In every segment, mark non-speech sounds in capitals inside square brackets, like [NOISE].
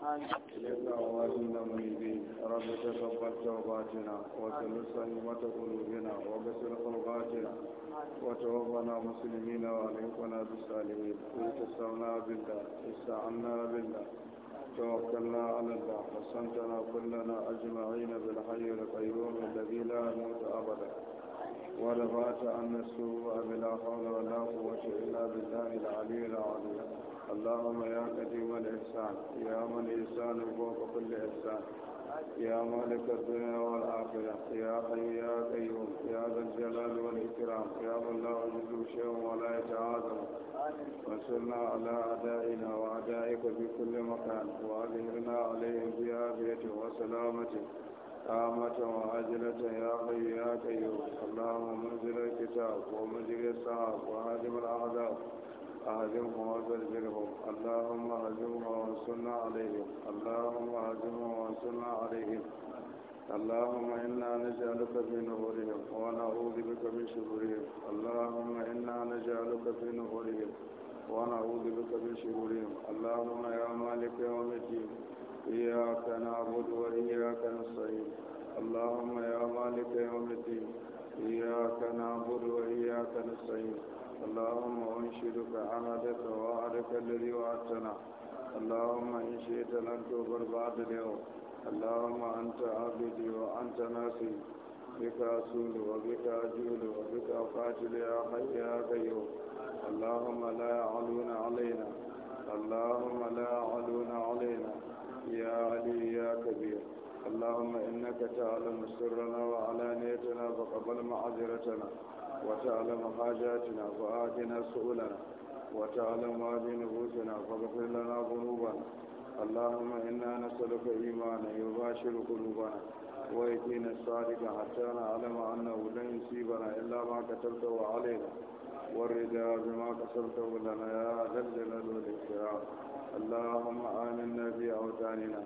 إليك أوالنا منيبين رب تقبل توباتنا وتلو سلمة قلوبنا وبسر خلقاتنا وتوفنا مسلمين وعليكنا بالسالمين استسعنا بالله استعنا بالله توكلنا على الله حسنتنا كلنا أجمعين بالحي القيوم الذي لا نموت أبدا ورفعت عنا السوء بلا حول ولا قوة إلا بالله العلي العظيم اللهم يا قديم الإحسان يا من إحسان فوق كل إحسان يا مالك الدنيا والآخرة يا حي يا قيوم يا ذا الجلال والإكرام يا من لا يجوز شيء ولا يتعاظم وانصرنا على أعدائنا وأعدائك في كل مكان وأظهرنا عليهم بعافيتك وسلامتك عامة وعاجلة يا حي يا قيوم اللهم منزل الكتاب ومنزل الصحاب وهادم الأعداء أهزمهم وزلزلهم اللهم أهزمهم وانصرنا عليهم اللهم أهزمهم وانصرنا عليهم اللهم إنا نجعلك في نورهم ونعوذ بك من شرورهم اللهم إنا نجعلك في نورهم ونعوذ بك من شرورهم اللهم يا مالك يوم الدين إياك نعبد وإياك نستعين اللهم يا مالك يوم الدين إياك نعبد وإياك نستعين اللهم انشدك عمدك وعدك الذي وعدتنا اللهم إن شئت لن تغفر بعد اليوم اللهم أنت عبدي وأنت ناسي بك أسول وبك أجول وبك أقاتل يا حي يا قيوم اللهم لا يعلون علينا اللهم لا يعلون علينا يا علي يا كبير اللهم إنك تعلم سرنا وعلانيتنا فقبل معذرتنا وتعلم حاجاتنا فآتنا سؤلنا وتعلم ما بنفوسنا فاغفر لنا ذنوبنا اللهم إنا نسألك إيمانا يباشر قلوبنا ويتينا الصادق حتى نعلم أنه لن يصيبنا إلا ما كتبته علينا والرجاء بما كتبته لنا يا ذا الجلال والإكرام اللهم آمنا في أوطاننا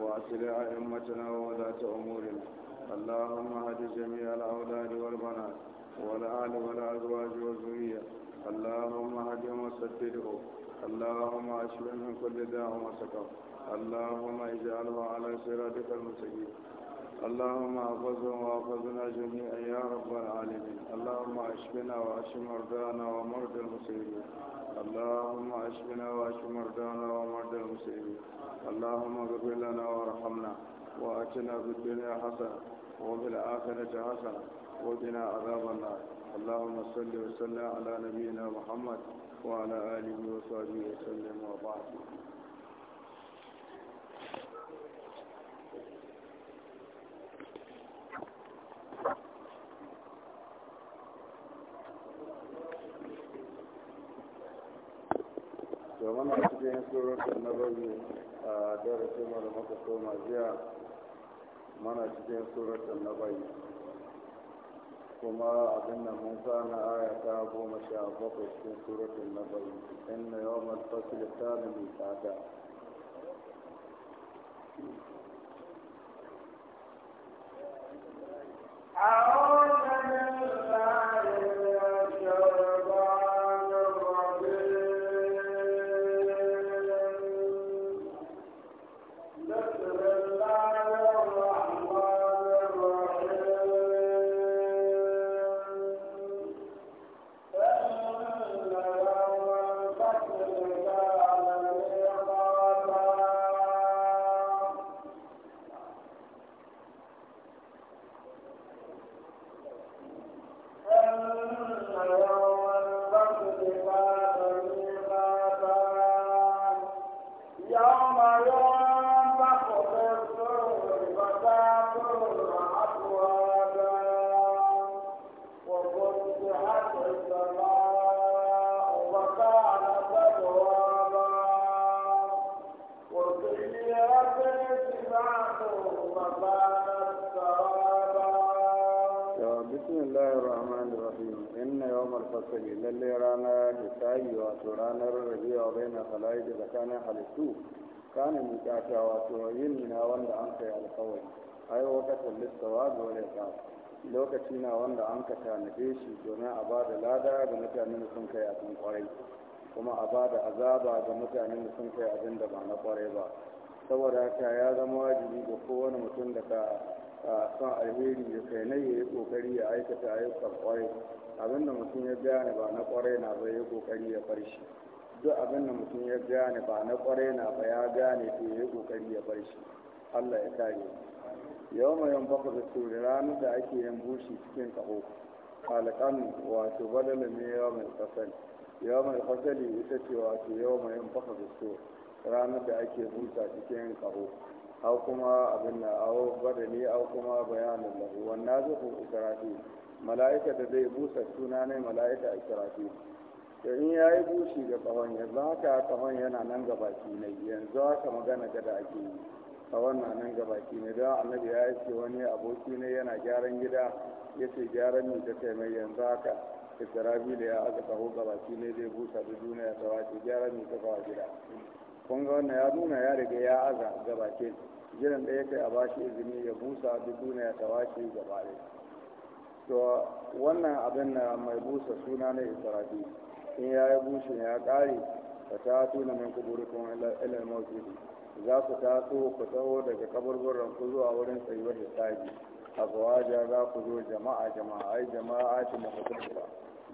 وأسرع أئمتنا وولاة أمورنا اللهم هد جميع الأولاد والبنات والآل والأزواج والذرية اللهم اهدهم وسددهم اللهم اشفه من كل داء وسكر اللهم اجعله على صراطك المستقيم اللهم احفظه واحفظنا جميعا يا رب العالمين اللهم اشفنا واشف مرضانا ومرضى المسلمين اللهم اشفنا واشف مرضانا ومرضى المسلمين اللهم اغفر لنا وارحمنا واتنا في الدنيا حسنه وفي الاخره حسنه وقنا عذاب النار اللهم صل وسلم على نبينا محمد وعلى اله وصحبه وسلم وبعد وانا اتجاه سورة النبوي آه، كما أنه كان آية أبو مشابق في سورة النبي إن يوم الفصل كان ميقاتا أعوذ bainar halayi da tsakanin halittu kana miƙata wato yin na wanda an kai alkawari ai wakatan lissawa dole wani lokaci na wanda an ka tanade shi domin a ba da lada ga mutanen sun kai abin kwarai kuma a ba da azaba ga mutanen sun kai abin da ba na kwarai ba saboda haka ya zama wajibi ga kowane mutum da ka son alheri da kai na yi kokari ya aikata ayyukan kwarai abinda mutum ya gane ba na kwarai na bai yi kokari ya farshi duk abin da mutum ya gane ba na kwarai na ba ya gane to ya yi kokari ya bar shi Allah ya kare yau mai yan baka da tsori ranar da ake yin bushi cikin kaho halakan wato badala ne yau mai kasali yau mai kasali ita ce wato yau mai yan baka da tsori ranar da ake busa cikin kaho Hau kuma abin na au badali au kuma bayanin lahu wannan zai kuma israfi mala'ika da zai busa suna ne mala'ika israfi da in ya yi bushi ga tsawon yanzu haka tsawon yana nan ga baki ne yanzu haka magana ga da ake yi tsawon na nan ga baki ne don annabi ya ce wani aboki ne yana gyaran gida ya ce gyaran mai ta kai mai yanzu haka isra'ila da ya aka tsaho ga baki ne zai busa da duniya ta wace gyaran mai ta kawo gida kun ga wannan ya nuna ya riga ya aza ga baki jiran ɗaya kai a bashi izini ya busa da duniya ta wace gaba ɗaya to wannan abin na mai busa suna na isra'ila in ya yi bushe ya ƙare ka ta na min kuma ilal mawjudi za ku ta so ku tsawo daga kaburburan ku zuwa wurin tsayuwar hisabi abuwaja za ku zo jama'a jama'a ai jama'a ce mafasarwa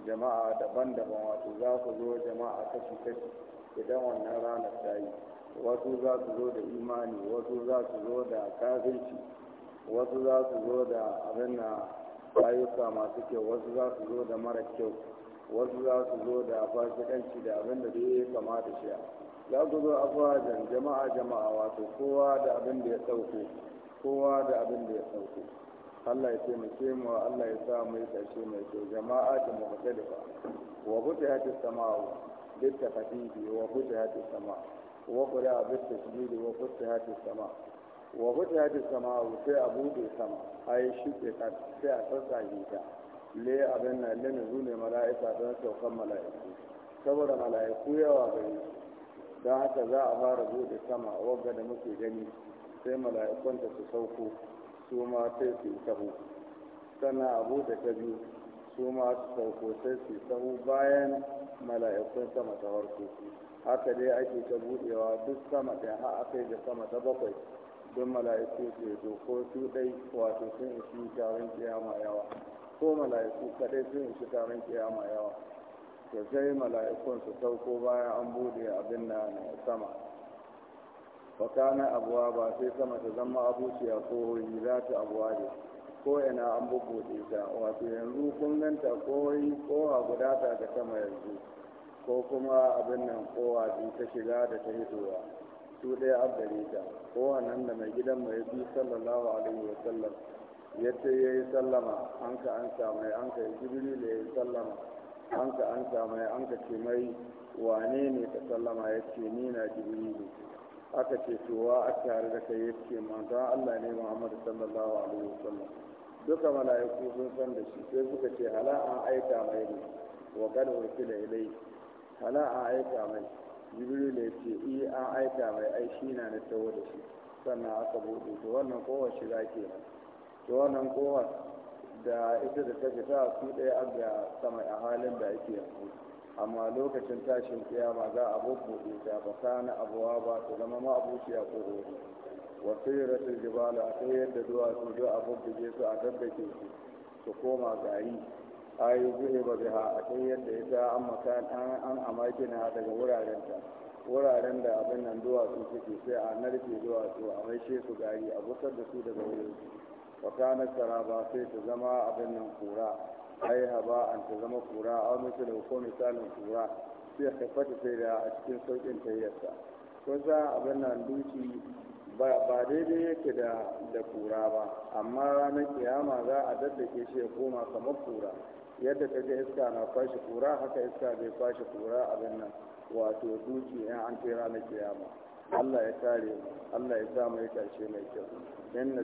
jama'a daban-daban wato za ku zo jama'a kashi-kashi idan wannan ranar ta yi wasu za su zo da imani wasu za su zo da kafirci wasu za su zo da abin na ayyuka masu kyau wasu za su zo da mara kyau wasu za su zo da fasikanci da abin da zai kama da shi za su zo afuwajen jama'a jama'a wato kowa da abin da ya sauko kowa da abin da ya sauko Allah ya taimake mu Allah ya sa mu yi ƙarshe mai kyau jama'a da muhtalifa wa futihati sama'u bit tafdidi wa futihati sama'u wa qura bit tasdidi wa futihati sama'u wa futihati sama'u sai a buɗe sama yi shi ke sai a sassa ta le abin nan le nuzulul mala'ika don saukan mala'iku saboda mala'iku yawa gare don haka za a fara bude sama wagga da muke gani sai mala'ikun ta su sauko su ma sai su yi taho sannan a buɗe ta biyu su ma su sauko sai su yi bayan mala'ikun sama ta farko haka dai ake ta budewa duk sama ɗaya har kai da sama ta bakwai don mala'iku su yi ko su dai wato sun isi taron kiyama yawa ko mala'iku kadai sun shi taron kiyama yawa to sai mala'ikun su sauko bayan an bude abin na sama fakana abuwa ba sai sama ta zama abuciya ko yi za ta abuwa ne ko ina an bubbuɗe ta wato yanzu kun ganta ko kowa guda ta ga sama yanzu ko kuma abin nan kowa ta shiga da ta hitowa su ɗaya abdare ta a nan da mai gidan mai bi sallallahu alaihi wa sallam yace ya yi sallama an ka an mai an ka jibril ya yi sallama an ka an mai an ka ce mai wane ne ka sallama ya ce ni na jibrilu aka ce towa a tare da kai ya ce manzon allah ne muhammadu sallallahu alaihi wasallam duka mala'iku sun san da shi sai suka ce hala an aika mai ne wa kad ursila ilai hala an aika mai jibril ya ce i eh, an aika mai ai shi na na tawo da shi sannan aka buɗe to wannan kowace shiga kenan to wannan kofar da ita da ta fita su ɗaya an ga sama a halin da ake yanzu amma lokacin tashin ba za a bubbuɗe ta ba kana abuwa ba su zama ma abuciya ko hoto wasu yi rashin jibala ta yadda duwatsu zo a bubbuge su a daddake su su koma gari yi zuhe ba biha a kan yadda ita an makan an amakina daga ta. wuraren da abin nan duwatsu suke sai a narke duwatsu a maishe su gari a busar da su daga wurin fakanar saraba sai ta zama abin nan kura ai haba an ta zama kura a misalin ko misalin kura sai ya fata sai da a cikin saukin tayyarsa ko za abin nan duki ba daidai yake da da kura ba amma ranar kiyama za a daddake shi ya koma kamar kura yadda ta ga iska na kwashe kura haka iska zai kwashe kura abin nan wato duki in an kai ranar kiyama Allah ya kare Allah ya sa mai karshe mai kyau in na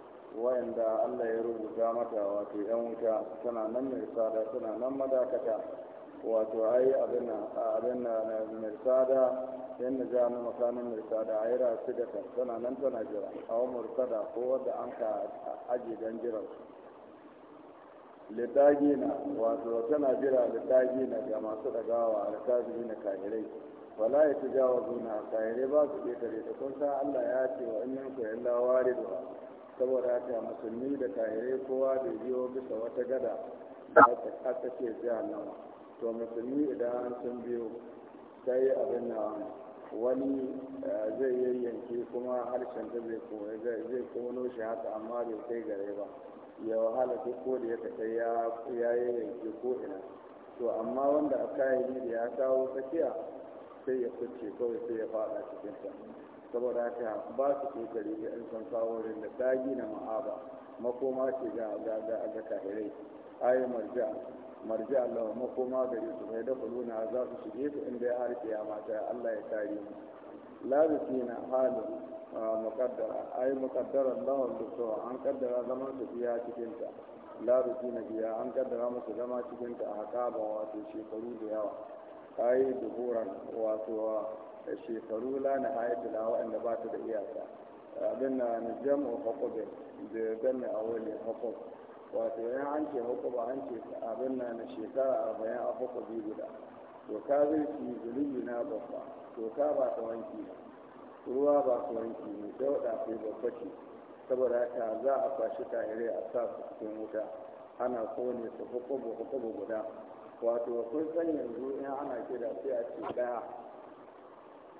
wayanda Allah ya rubuta mata wato yan wuta tana nan mirsada tana nan madakata wato ai abin abin mirsada yan da jami makamin mirsada ai rasu da tana nan tana jira a wa ko wanda an ka aji dan jiran litagina wato tana jira litagina ga masu dagawa alkazi na kahirai wala ya tijawa zuna kahirai ba su ƙetare ta kun san Allah ya ce wa in yanku illa waridu saboda haka musulmi da tahirai kowa bai biyo bisa wata gada da aka ce nan to musulmi idan sun biyo sai abin na wani eh, zai yanki kuma harshen da zai koya zai kono shi haka amma bai kai gare ba ya wahala duk ko da ya kasa ya yanki ko ina to amma wanda a kayan da ya kawo tsakiya sai ya kuce kawai sai ya fada cikin ta saboda haka ba su ke gare da in san kawo da dagi na ma'aba makoma ce ga ga ga ga kahirai ayi marja marja Allah makoma gari su bai da kuluna za su shige su inda ya har kiyama mata. Allah ya kare mu labisina halin muqaddara ayi lawan da dukto an kaddara zaman su biya cikin ta labisina biya an kaddara musu zama cikin ta a hakaba wato shekaru da yawa ayi duburan wato shekaru la na hayatu la wa'anda ba ta da iyaka abin na jam'u hukubin da danna a wani hukub wato yan an ce hukuba an ce abin na na shekara a bayan a hukubi guda to ka zai ci zulubi na babba to ka ba ta wanki ruwa ba ta wanki ne dauɗa sai babba ce saboda haka za a kwashi tare a sa su cikin wuta ana kone su hukubu hukubu guda wato kun san yanzu in ana kira sai a ce ɗaya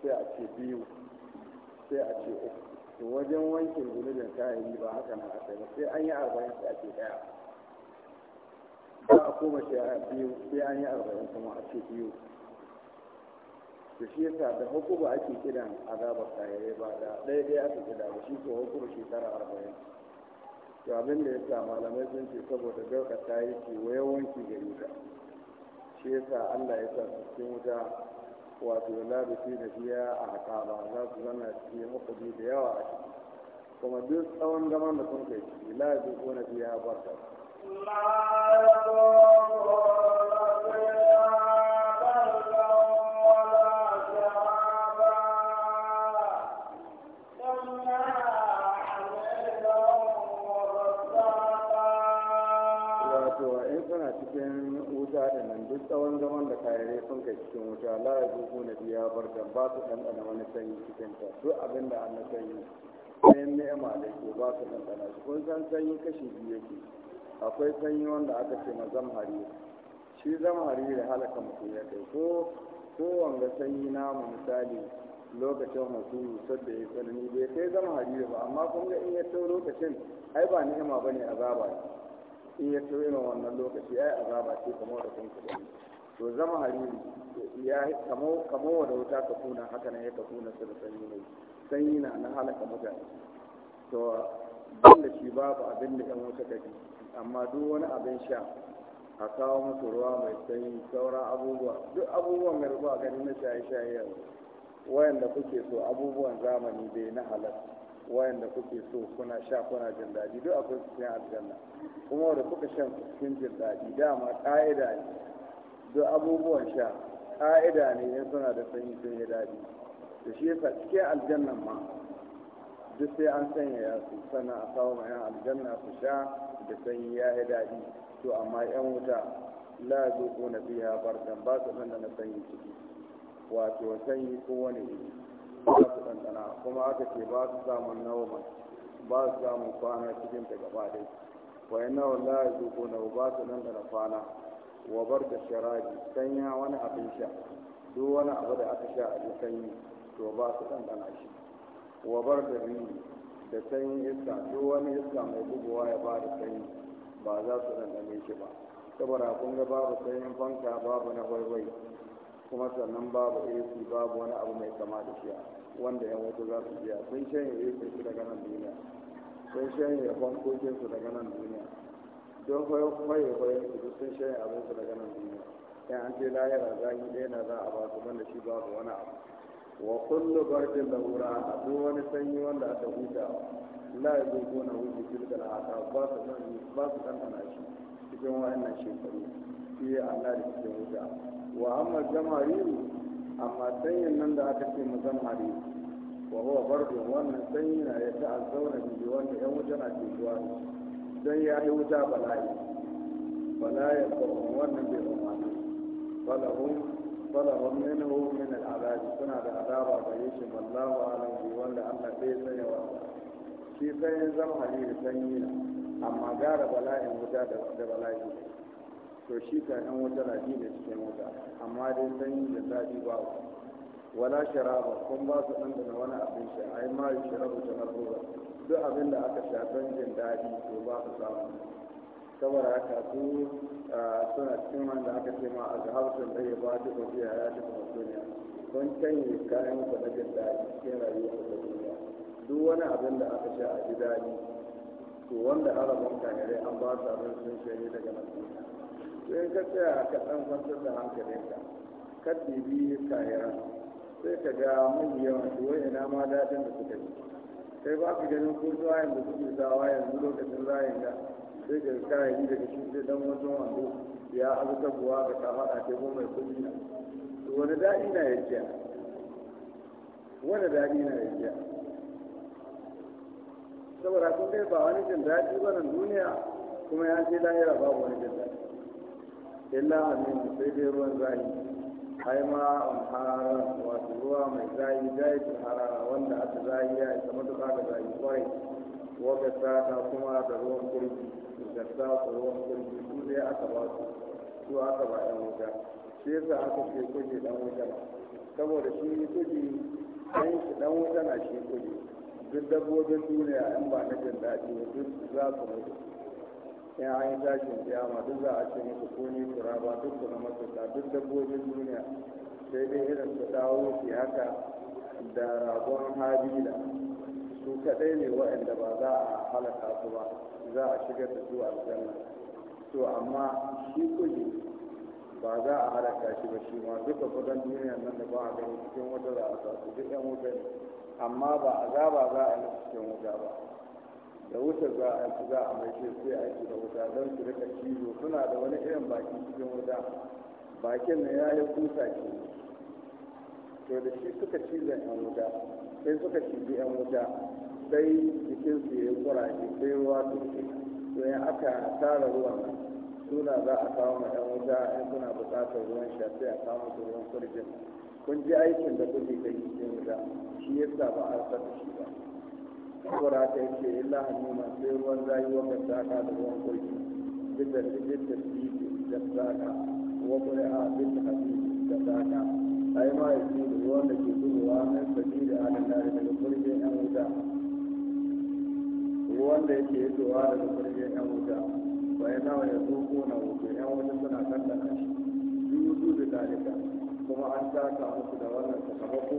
sai a ce biyu sai a ce uku to wajen wankin zunubin kayayi ba haka na aka ba sai an yi arba'in sai a ce daya. ba a koma shi a biyu sai an yi arba'in kuma a ce biyu da shi yasa da hukuma ake kiran azabar kayayi ba da ɗaya ɗaya aka kira ba shi ko hukuma shekara arba'in to abin da yasa malamai sun ce saboda dauka ta yi ce wayawanki gari ka shi yasa Allah ya sa cikin wuta wato labisi da biya a haƙaba za su zana cikin hukumi da yawa a ciki kuma duk tsawon zaman da sun kai ciki labisi ko na biya barka. daga cikin wuta la ya zuku na biya da ba su ɗanɗana wani sanyi cikin ta duk abin da an na sanyi ne, ni'ima da ke ba su ɗanɗana su kun san sanyi kashi biyu yake akwai sanyi wanda aka ce na zamhari shi zamhari da halaka mutum ya kai ko ko wanga sanyi namu misali lokacin hukumu da ya tsanani bai kai zamhari ba amma kun ga in ya tau lokacin ai ba ni'ima bane azaba in ya tau irin wannan lokaci ai azaba ce kamar da kun kuɗi to zama hariri ya kamo kamo wuta ka kuna haka nan ya ka kuna su da sanyi ne sanyi na na halaka mutane to ban da shi babu abin da 'yan wuta gari, amma duk wani abin sha a kawo musu ruwa mai sanyi sauran abubuwa duk abubuwan mai ruwa gani na shaye-shaye yanzu wayanda kuke so abubuwan zamani bai na halal wayanda kuke so kuna sha kuna jin daɗi duk akwai cikin aljanna kuma da kuka shan cikin jin daɗi dama ƙa'ida ne da abubuwan sha ƙa'ida ne in suna da sanyi sun yi daɗi da shi yasa cikin aljannan ma duk sai an sanya ya su sannan a kawo ma yan aljanna su sha da sanyi ya yi daɗi to amma yan wuta la zuku na biya barkan ba su da na sanyi ciki wato sanyi ko wani ne ba su ɗanɗana kuma aka ce ba su samun nauma ba su samun kwana cikin ta gaba dai wa yana la zuku na ba su ɗanɗana kwana wa bar da sharabi sanya wani abin sha duk wani abu da aka sha a ji sanyi to ba su ɗanɗana shi wa bar da rini da sanyin iska duk wani iska mai bugowa ya ba da sanyi ba za su ɗanɗane shi ba saboda kun ga babu sanyin fanka babu na waiwai kuma sannan babu ac babu wani abu mai kama da shi wanda yan wasu za su biya sun shanye ac su daga nan duniya sun shanye su daga nan duniya don kwaye-kwayen su sun shayin abin su daga nan duniya sai an ce lahira zaki ɗaya na za a ba su wanda shi ba su wani abu wa kullu barkin da wura a duk wani sanyi wanda aka huta la ya zuko na wuce tilka da haka ba su san ba su tantana shi cikin wa'annan shekaru shi Allah da cikin wuta wa amma jamariru amma sanyin nan da aka ce mu zamariru wa huwa barjin wannan sanyi na ya ta'azzauna biyu wanda yan wuta na ke zuwa da shi don ya yi wuta bala'i bala'i ko wannan bai umarni falahun falahun min hu min al'adabi suna da azaba gare shi wallahu alam bi wanda Allah bai sanya wa shi sai zama halili sanyi na amma gara bala'in wuta da bala'i to shi ka yan wuta na ji da cikin wuta amma dai sanyi da zafi ba wala sharaba kun ba su ɗan da wani abin shi ai ma sharabu ta marhuba duk abin da aka sha don jin daɗi to ba su samu saboda haka su suna cikin wanda aka ce ma a hausa da ya ba duk kwafi yara yashi kuma duniya don canye kayan ku na jin daɗi cikin rayuwar ku da duniya duk wani abin da aka sha a ji daɗi to wanda arabin kayarai an ba su abin sun shanye daga nan duniya in ka tsaya ka ɗan kwantar da hankalin ka bibi kayan sai ka ga yi yawan duwai ina ma daɗin da suka yi sai ba ku ganin ko zuwa yanzu kuke sawa yanzu lokacin zayin da sai da kayayyaki daga shi sai dan wajen wando ya azkabuwa ga kafaɗa ta ko mai kuɗi na wani daɗi na ya jiya wani daɗi na ya jiya saboda kun kai ba wani jin daɗi ba nan duniya kuma ya ce lahira babu wani jin daɗi illa amin sai dai ruwan zahi haima ma harara wato ruwa mai zayi zayi ta harara wanda aka zayi ya isa matuƙa da zayi kwarai wanda ta kuma da ruwan kurji da ta ruwan kurji su ne aka ba su su aka ba ɗan wuta shi yasa aka ce kuje ɗan wuta saboda shi kuje ɗan shi dan wuta na shi kuje duk dabbobin duniya in ba na jin daɗi duk za su mutu in an yi tashin kiyama duk za a ce musu kura ba duk kuma matuka duk dabbobin duniya sai dai irin su dawo ke haka da ragon habila su kaɗai ne waɗanda ba za a halaka su ba za a shigar da su aljanna to amma shi kuji ba za a halaka shi ba shi ma duka kudin duniya nan da ba a gani cikin wata za a sa su duk yan wuta ne amma ba ba za a yi cikin wuta ba da wuta za a ci za a mai sai a ci da wuta don su rika cizo suna da wani irin baki cikin wuta bakin na ya yi kusa ce to da shi suka cizon yan wuta sai suka cizi yan wuta sai su ya yi kuraje sai ruwa su ke to in aka tara ruwan suna za a kawo ma yan wuta in suna buƙatar ruwan sha sai a kawo musu ruwan kurjin kun ji aikin da kuke kai cikin wuta shi yasa ba a rasa da shi ba saboda ta yake illa hannuna sai ruwan zai wa kan saka da ruwan kulki duk da duk da da saka wa qur'a a hadid da saka ai ma yake da ruwan da ke zubowa nan sabi da anan da daga kulkin yan wuta ruwan da yake zuwa daga kulkin yan wuta bai nawa ya zuko na wuta yan wuta suna kallon shi Duk da dalika kuma an saka musu da wannan sakamako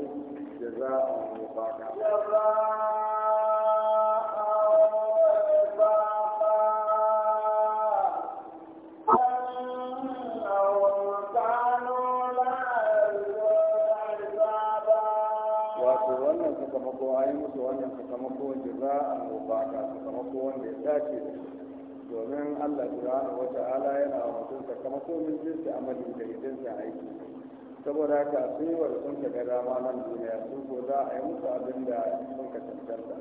جزاء وفاقا wannan sakamako a yi musu wannan sakamako jaza'an ya dace domin Allah subhanahu wa ta'ala yana wa mutum sakamako min jinsi amali da jinsi aiki saboda haka su yi wa sun ka ma nan duniya su ko za a yi musu abin da sun ka cancanta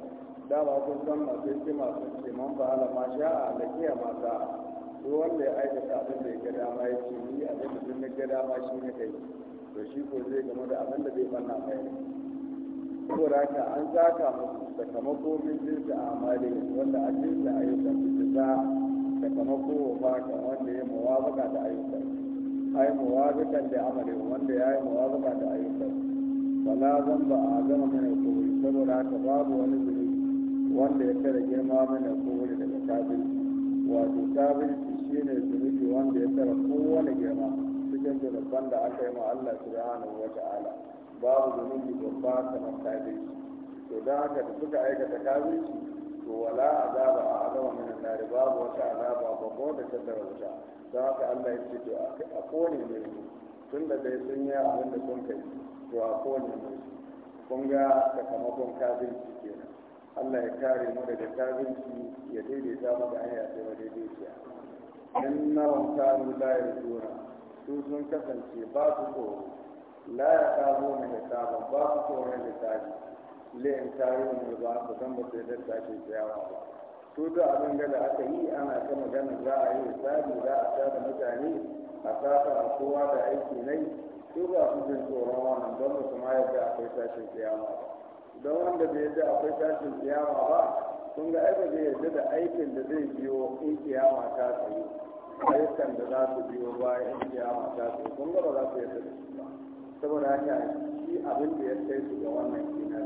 dama kun san masu yake masu ce man ba ala ma sha a lakiya ma za su wanda ya aikata abin da ya ga dama ya ce ni abin da sun gada dama shi ne kai to shi ko zai gama da abin da bai banna mai saboda haka an zaka musu sakamako min jinsi a amali wanda a jinsi ayyukan su ta sakamako ba baka wanda ya baka da ayyukan ai muwafiqan da amali wanda yayi muwafiqa da ayyukan wala ba a zama mana kuri saboda haka babu wani zuri wanda ya tara girma mana kuri daga kafin wato kafin shi ne zunubi wanda ya tara kowane girma cikin zunuban da aka yi ma Allah subhanahu wa ta'ala babu zunubi babba kamar kafin to don haka da suka aikata kafirci to wala azaba a azaba min annari babu wata azaba babba da ta dara wuta don haka Allah ya ce to a kone mai su tun da dai sun yi abin da sun kai to a kone mai su kun ga sakamakon kafinci kenan Allah ya kare mu daga kafinci ya daidaita mu da hanya sai mu daidaiciya in na wanka mu la yarjuna su sun kasance ba su tsoro la ya kazo na hisaban ba su tsoron hisabi layin tarihi da ba ba san ba sai da ake tsayawa ba to da abin da aka yi ana ta magana za a yi hisabi za a tada mutane a saka a kowa da aiki nai to ba su jin tsoron wannan don ba su ma yadda akwai tashin tsayawa ba don wanda bai yadda akwai tashin tsayawa ba kun ga aka ba yadda da aikin da zai biyo in tsayawa ta tsaye ayyukan da za su biyo ba in tsayawa ta tsaye kun ga ba za su yadda da su ba saboda haka shi abin da ya kai su ga wannan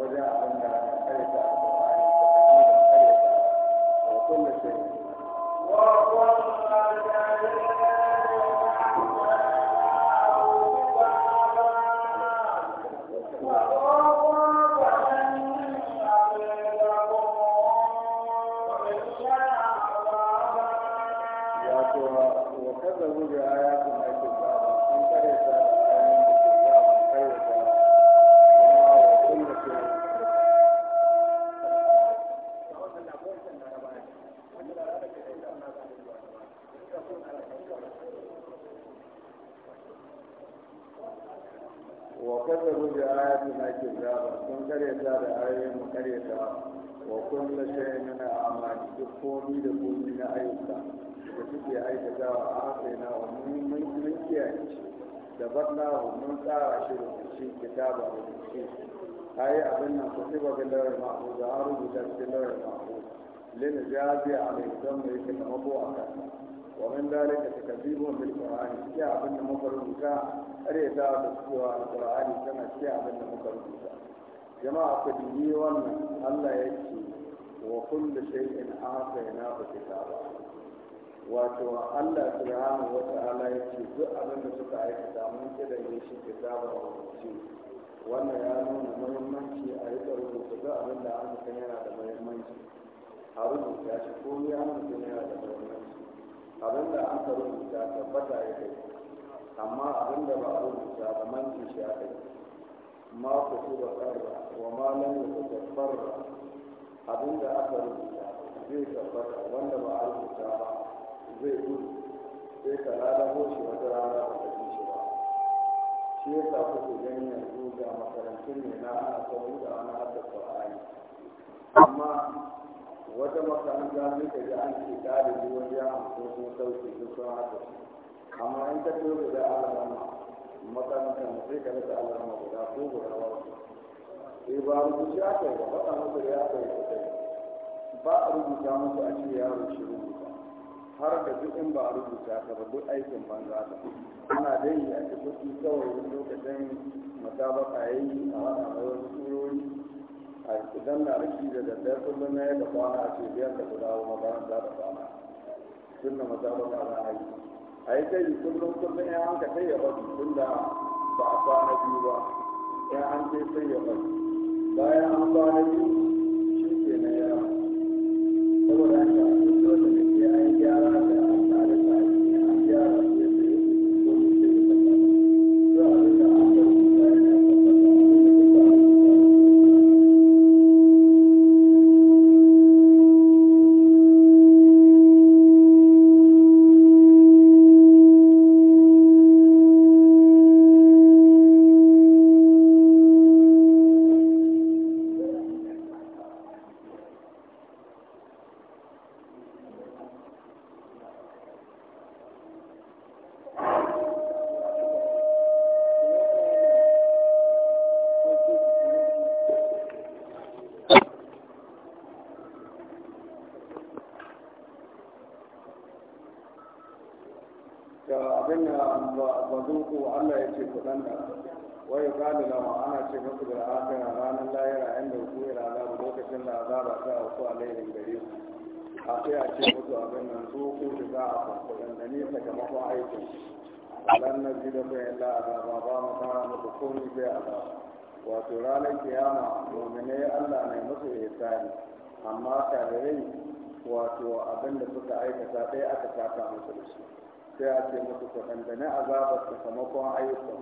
wajen abin da kare ta alƙur'ani da kare wa mun kiyaye shi da barna mun tsara shi rubuci kitaba rubuci ayi abin nan ku tiba ga lawar mahfuz a rubuta cikin lawar mahfuz lin jazi alai dan mai yake mabo aka wa min dalika takdibun bil qur'ani ya abin da muka rubuta are da da cewa alqur'ani tana ce abin da muka rubuta jama'a ku dinni wannan Allah yake wa kullu shay'in ahsaynahu kitaba wato Allah subhanahu wa ta'ala ya ce duk abin da suka aikata mun ce da shi ke zaba a rubuce wannan ya nuna muhimmanci a rika rubuta duk abin da an san yana da muhimmanci a rubuta shi ko ya nuna san yana da muhimmanci abin da an ka rubuta tabbata ya kai amma abin da ba a rubuta man manci shi a kai ma ku ci ba karra wa ma lam yutabbar abin da aka rubuta zai tabbata wanda ba a rubuta ba zai gudu sai ka lalabo shi wata rana ba ka shi ba shi ya sa kuke gani yanzu ga makarantun ne na ana sauri da ana haɗa ƙwa'ani amma wata makaranta ne ka ji an ƙari ne wani ya hamsin sun sauke duk sun haɗa amma in ka tobe da alama ne, sai ka rasa alama guda ko guda ba e ba rubuce aka yi ba faɗa musu da ya kai ba a rubuta musu a ce ya rushe rubuta har da duk in ba a rubuta ka ba duk aikin banza ka ana dai a ci kuɗi kawai wani lokacin musabaka ya yi a haɗa mai wasu surori a idan na riki da daddare kullum na yadda kwana a ce biyar da dawo makaranta da kwana tun da musabaka za a yi a yi kai kullum kullum ya hanka sai ya faɗi tun da ba a kwana biyu ba ya an ce sai ya faɗi bayan an kwana biyu shi ke na yawa saboda haka azaba ba mu muku komai sai azaba wato ranar kiyama mu'mine Allah mai musu ihsani amma kafirai wato suka aikata ɗaya aka saka musu da shi sai a ce musu ku dandane sakamakon ayyukan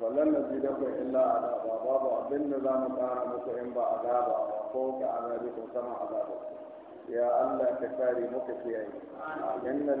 wallan na ji illa azaba babu abin da za mu kara muku in ba azaba ba ko ka azabi ko sama azaba ya Allah ka kare muka kiyaye innal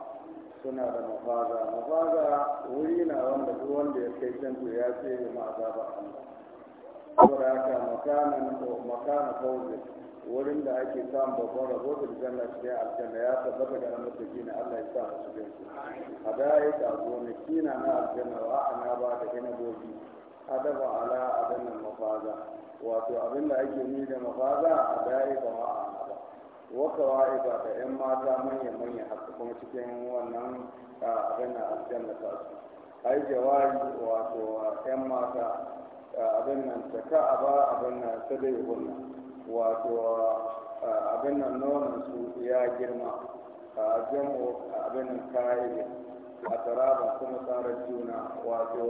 suna da mafaza mafaza wuri na wanda duk wanda ya kai can to ya ce ya ma azaba Allah saboda haka makanan makana fawzi wurin da ake samun babban rabo da janna cikin aljanna ya tabbata ga mutum na Allah ya sa su cikin su hadaya ta gonaki na na aljanna wa ana ba da inabobi adaba ala adannan mafaza wato abinda ake ni da mafaza hadaya ta wa'ana waka wa'iba da 'yan mata manya-manya haka kuma cikin wannan abin da aljanna ta su ai jawari wato 'yan mata abin nan ta ba abin nan ta dai hunna wato abin nan nonon su ya girma a jamo abin nan kayan a taraba kuma tsarar juna wato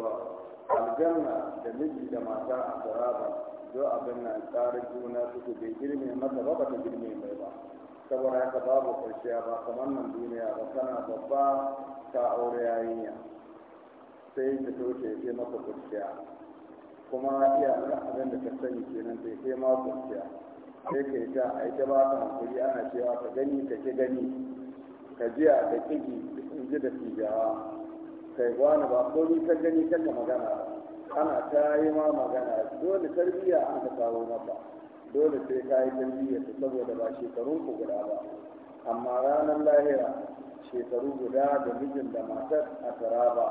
aljanna da miji da mata a taraba don abin nan tsarar juna su bai girme mata ba ba ta girme mai ba saboda haka babu kwanciya ba kamar nan duniya ba kana babba ta aure ya sai ta toke ke maka kwanciya kuma iya abin da ka sani kenan ta ke ma kwanciya sai ka yi ta a ita ba ka hankali ana cewa ka gani ka ki gani ka jiya ka kigi in ji da tijawa kai gwana ba ni ka gani kan magana ana ta yi ma magana dole tarbiyya an ka kawo maka dole sai ka yi tarbiyyarsu saboda ba shekarun ku guda ba amma ranar lahira shekaru guda da mijin da matar a taraba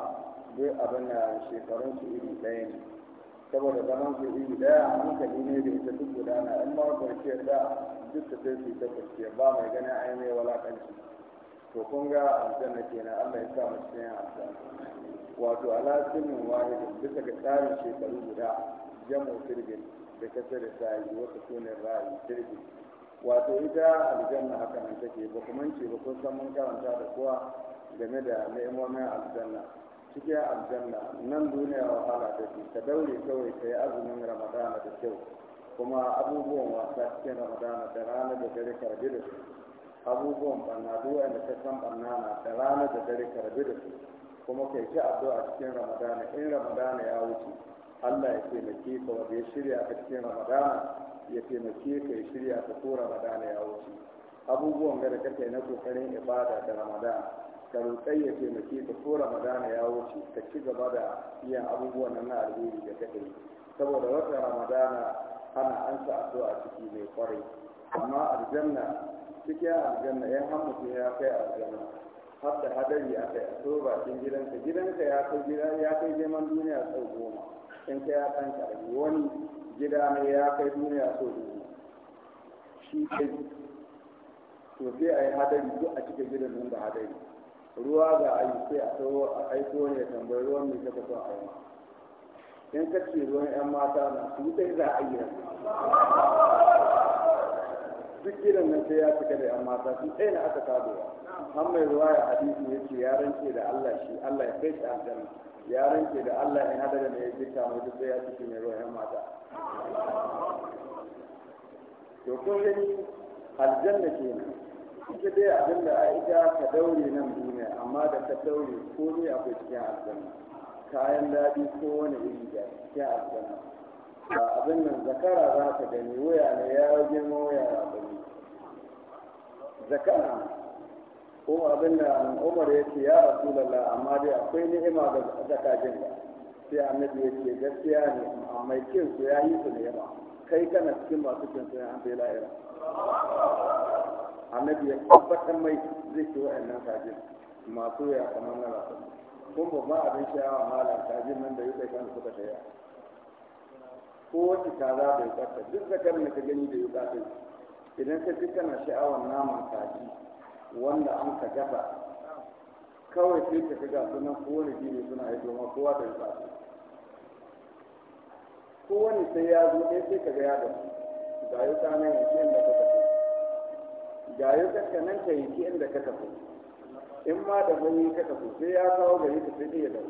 duk abin da shekarunsu iri ɗaya ne saboda zaman su iri ɗaya hankali ne da ita duk guda na in ma kwanciyar da duk ta sai su ta kwanciyar ba mai ganin ai mai walakanci to kun ga aljanna kenan Allah ya sa mu cikin aljanna wato ala sinin wahidin bisa ga tsarin shekaru guda jama'u sirgin da kasar sa'i wata sunan ra'ayi sirri wato ita aljanna haka nan take ba kuma ce ba kun san mun karanta da kowa game da ni'imomin aljanna cikin aljanna nan duniya wahala da ke ta daure kawai ta yi azumin ramadana da kyau kuma abubuwan wasa cikin ramadana da rana da dare karbi da su abubuwan banna duk wanda ta san banna na da rana da dare karbi da su kuma kai ci addu'a cikin ramadana in ramadana ya wuce Allah ya taimake ka wanda ya shirya ka cikin Ramadana ya taimake ka ya shirya ka ko Ramadana ya wuce abubuwan da kake na kokarin ibada da Ramadana ka roƙai ya taimake ka ko Ramadana ya wuce ka ci gaba da yin abubuwan nan na alheri da kake saboda wata Ramadana ana ansa addu'a ciki mai kwarai amma aljanna cikin aljanna ya hamu ya kai aljanna har da hadari a kai a so bakin gidanka gidanka ya kai gida ya kai neman duniya sau goma in ka ya ɗan ƙarami wani gida mai ya kai duniya so duniya shi kai to sai a yi hadari duk a cikin gidan nan da hadari ruwa ga ayi sai a tawo a aiko ne tambayi ruwan mai kafa son a yi in ka ce ruwan 'yan mata na su sai za a yi nan duk gidan nan sai ya cika da 'yan mata su ɗaya na aka tabo har mai ruwaya hadisi ya ce ya rance da Allah shi Allah ya kai shi aljanna ya rance da Allah in hada da mai ya jika mu duk ya ciki mai ruwayan mata to kun gani aljanna nan? ita dai abin da ita ka daure nan duniya amma da ka daure ko ne akwai cikin aljanna kayan daɗi ko wani iri da cikin aljanna abin nan zakara za ka gani waya ne ya girma waya rabani zakara ko abin da umar ya ce ya rasulallah amma dai akwai ni'ima ga zakajin ba, sai annabi ya ce gaskiya ne amma kin su ya yi su ni'ima kai kana cikin masu kin su ya bai la'ira annabi ya tabbatar mai zai ce wa'annan kajin masu ya kamar na rasu kun babban abin sha'awa mala kajin nan da yi kan suka shaya ko wacce kaza bai tsarta duk zakar da ka gani da yi idan ka ji kana sha'awar naman kaji wanda an ka dafa kawai sai ka shiga sunan kowane ne suna haifo ma kowa da ba kowane sai ya zo ɗaya sai ka ga ya dafa ga yi ta nan yanki inda ka tafi ga yi ta nan ka yanki inda ka tafi in ma da wani ka tafi sai ya kawo gari ka sai ɗaya da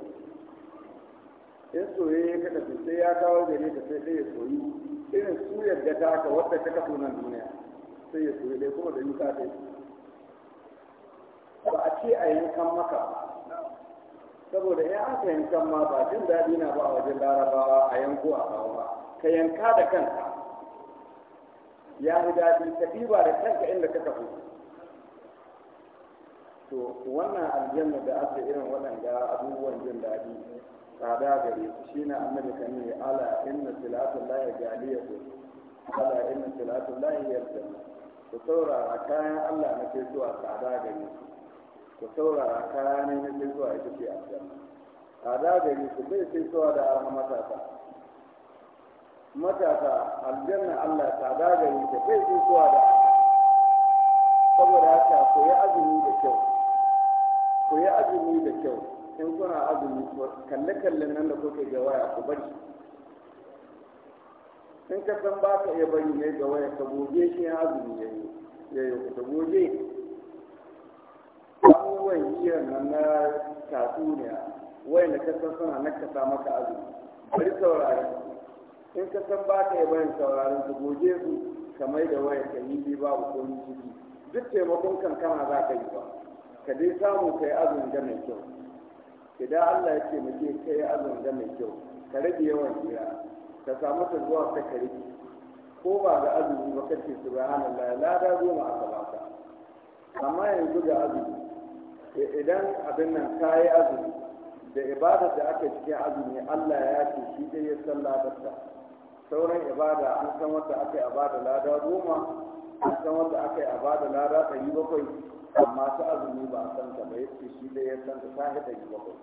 in soyayya ka tafi sai ya kawo gari ka sai ɗaya soyi irin su yadda ta ka wadda ka tafi nan duniya sai ya soyi dai kuma da yi ta ɗaya ba a ce a yankan maka saboda in aka yankan ma ba jin daɗi na ba a wajen larabawa a yanko a kawo ba ka yanka da kanka ya fi daɗi ka ɗiba da kanka inda ka tafi to wannan aljanna da aka irin waɗanda abubuwan jin daɗi tsada gare su shi na annabi kan yi ala inna silatun lahi galiyatu ala inna silatun lahi yaljanna ku saurara kayan allah na zuwa tsada gare su Ka saurara kaya ne na sai zuwa ita ce aljanna a gari ku bai sai zuwa da arha matasa matasa aljanna allah ta gari ta bai sai zuwa da saboda haka ku yi azumi da kyau ku yi azumi da kyau in kuna azumi kalle-kalle nan da kuke ga waya ku bari in ka san ba ka iya bari ne ga waya ka goge shi azumi ya yi ya yi ku goge abubuwan hiyar nan na tatsuniya wayanda ka san suna nakasa maka azumi bari saurari in ka san ba ka yi bayan sauraron su goge su kamar da wayar ka yi babu komai ciki duk taimakon kankana za ka yi ba ka dai samu ka yi azumi da mai kyau idan Allah ya taimake ka yi azumi da mai kyau ka rage yawan hira ka samu ta zuwa ta kare ko ba ga azumi ba kace subhanallah lada goma aka baka amma yanzu ga azumi idan abin nan ta yi azumi da ibada da aka cikin azumi allah ya ce shi dai ya san ladarsa sauran ibada an san wanda aka yi ibada lada goma an san wanda aka yi ibada lada ɗari bakwai amma su azumi ba a san ta ba yace shi dai ya san ta ta yi ɗari bakwai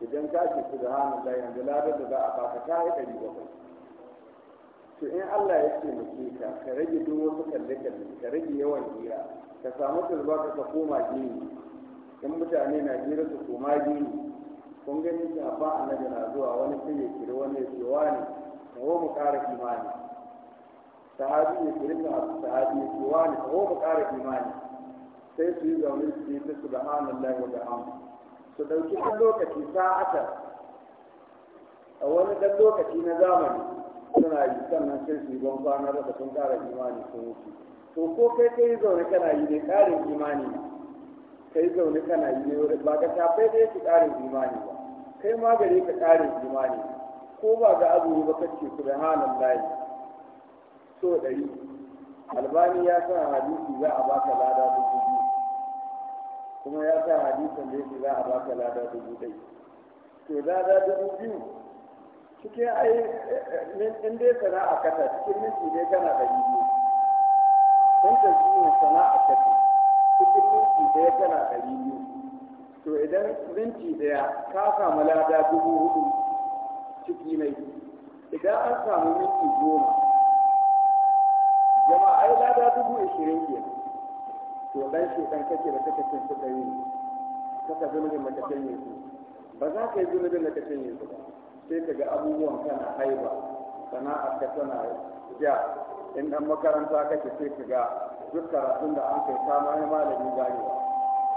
idan ka ce su da hannun da yanzu ladar da za a baka ta yi ɗari bakwai to in allah ya ce muke ka ka rage duk wasu kalle-kalle ka rage yawan jira, ka samu tulba ka koma gini in mutane na jira su koma gini kun gani sahabban annabi na zuwa wani sai ya kiri wani ya ce wani wo mu kara imani sahabi ya kiri sahabi ya ce wani wo mu ƙara imani sai su yi zaune su yi ta subhanallahi da hannu su ɗauki ɗan lokaci sa'ata a wani ɗan lokaci na zamani suna yi sannan sai su yi ban kwana da sun ƙara imani sun wuce to ko kai kai zaune kana yi ne ƙarin imani ne kai zaune kana yi wani ba ka tafai da yake ƙarin imani ba kai ma gare ka ƙarin imani ko ba ga azumi ba kace subhanan layi so ɗari albani ya sa hadisi za a baka lada dubu biyu kuma ya sa hadisin da yake za a baka lada dubu ɗaya to lada dubu biyu cikin ai eh, eh, in dai sana'a kata cikin minti dai kana ɗari biyu kun ta sana'a ka cikin minti daya tana ɗari biyu to idan minti daya ka samu lada dubu hudu ciki mai idan an samu minti goma jama'a ai lada dubu ashirin ke to dan shekan kake da kake cin suka yi kaka zunubin da kake yin su ba za ka yi zunubin da kake yin su ba sai ka ga abubuwan kana haiba sana'ar ka tana ja in dan makaranta kake sai ka ga duk karatun da an kai kama ya malamin ganewa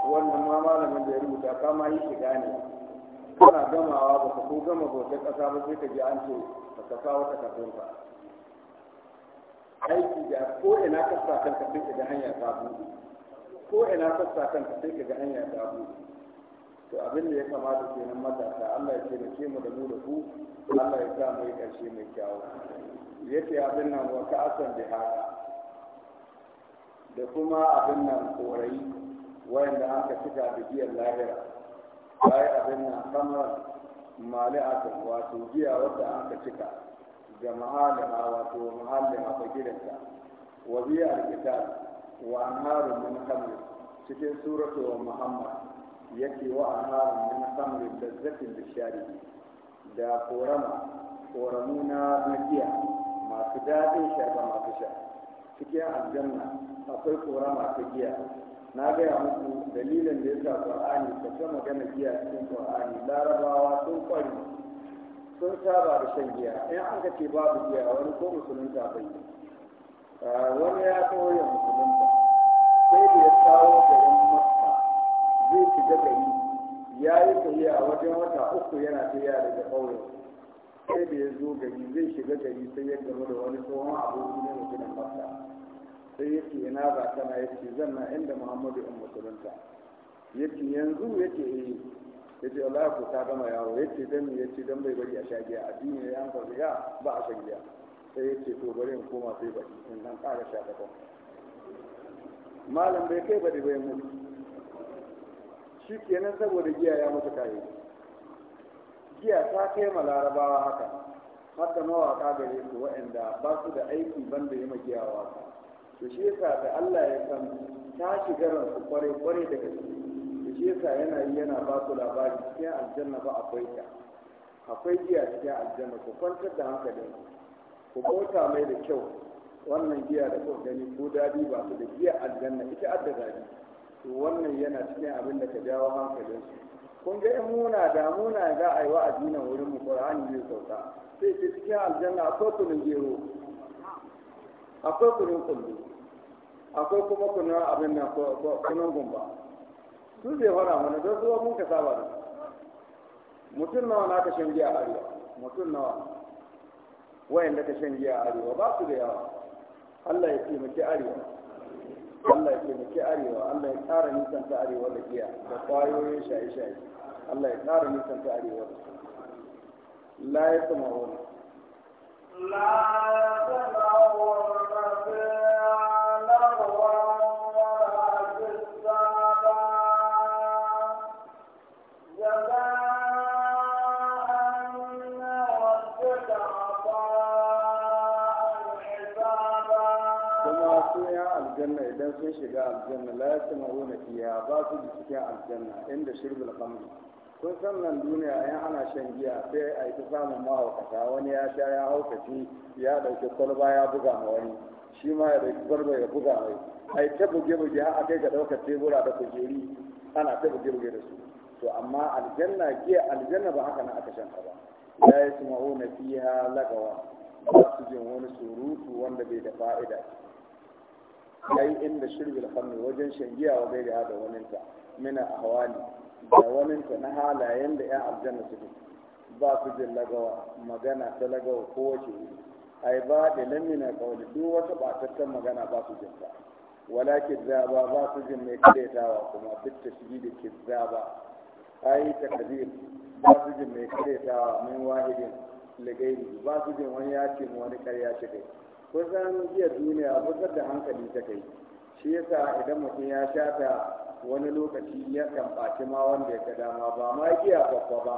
wannan ma malamin da ya rubuta kama yi shi gane kana gamawa ba ka ko gama bautar ƙasa ba sai ka ji an ce ba ka wata kafin ba aiki da ko ina ka sa ka sai ka ga hanya ta buɗe ko ina ka sa ka sai ka ga hanya ta buɗe to abin da ya kamata kenan matasa Allah ya ke mu da mu da ku Allah ya sa mu yi ƙarshe mai kyawu yake abin nan wa ka asan da haka da kuma abin nan korayi wayanda an ka cika da giyar lahira bayi abin nan kamar mali'atun wato giya wadda an ka cika ga mahallina wato mahallina ba gidanta wa biya alkitab wa an anharun min khamr cikin suratu muhammad yake wa anharun min khamr lazzatin bishari da korama koramu na giya masu daɗin sha masu sha cikin aljanna akwai korama ta giya na gaya muku dalilin da ya sa ƙwar'ani ta ta magana giya cikin ƙur'ani larabawa sun ƙwari sun saba da shan giya in an ka ce babu giya wani ko musulunta bai ah, wani ya kawo ya musulunta sai da ya kawo garin makka zai shiga gari ya yi tafiya wajen wata uku yana tafiya daga ƙauyen sai da ya zo gari zai shiga gari sai ya gama da wani tsohon aboki ne mutumin makka sai yake ina ba kana yace zan na inda muhammadu in musulunta Yake yanzu yake yi, eh. yace wallahi ku ta gama yawo yace dan ya yace dan bai bari a shagiya addini ya yanka riya ba a shagiya sai yace to bari in koma sai bari in nan ƙara sha takwas malam bai kai bari bai mutu shi kenan saboda giya ya mutu kare giya ta kai ma larabawa haka da mawaka gare su wa'anda ba su da aiki banda yi magiyawa to shi yasa da Allah ya san ta shiga ransu kware kware da gaske to shi yasa yana yi yana ba su labari cikin aljanna ba akwai ta akwai giya cikin aljanna ku kwantar da hankalin ku bauta mai da kyau wannan giya da kuka gani ko dadi ba su da giya aljanna ita adda dadi to wannan yana cikin abin da ka jawo hankalin su kun ga in muna da muna za a yi wa'azi nan wurin mu qur'ani zai sauka sai cikin aljanna akwai tulun gero akwai kunun kullu akwai kuma kunun abin nan kunun gumba su zai fara mana don zuwa mun ka saba da mutum nawa na ka shan giya arewa mutum nawa wayan da ka shan giya arewa ba su da yawa Allah ya taimaki arewa Allah ya taimaki arewa Allah ya tsara nisan ta arewa da giya da kwayoyin shaye-shaye Allah ya tsara nisan ta arewa da la ya sama wani la ya sama wani shiga aljanna la yasma'una fiha ba su cikin aljanna inda shirbul khamri kun san nan duniya in ana shan giya sai a yi ta samun mahaukata wani ya sha ya haukaci ya ɗauki kwalba ya buga ma wani shi ma ya dauki kwalba ya buga mai ai ta buge buge har akai ga daukar tebura da kujeri ana ta buge buge da su to amma aljanna giya aljanna ba haka na aka shan ta ba la yasma'una fiha lagawa ba su jin wani surutu wanda bai da fa'ida yi inda shirbil khamri wajen shan giya wa gaira da waninta mina hawali da waninta na halayen da yan aljanna suke ba su jin lagawa magana ta lagawa ko wace yi ba da lamina kawai duk wata batattun magana ba su jinta wala kizzaba ba su jin mai kadaitawa kuma duk da A yi ta takdir ba su jin mai kadaitawa min wahidin ligairi ba su jin wani ya ce wani karya shi kai kusan jiya duniya kusan da hankali ta kai shi yasa idan mutum ya shata wani lokaci ya kan ɓaci ma wanda ya ga dama ba ma giya babba ba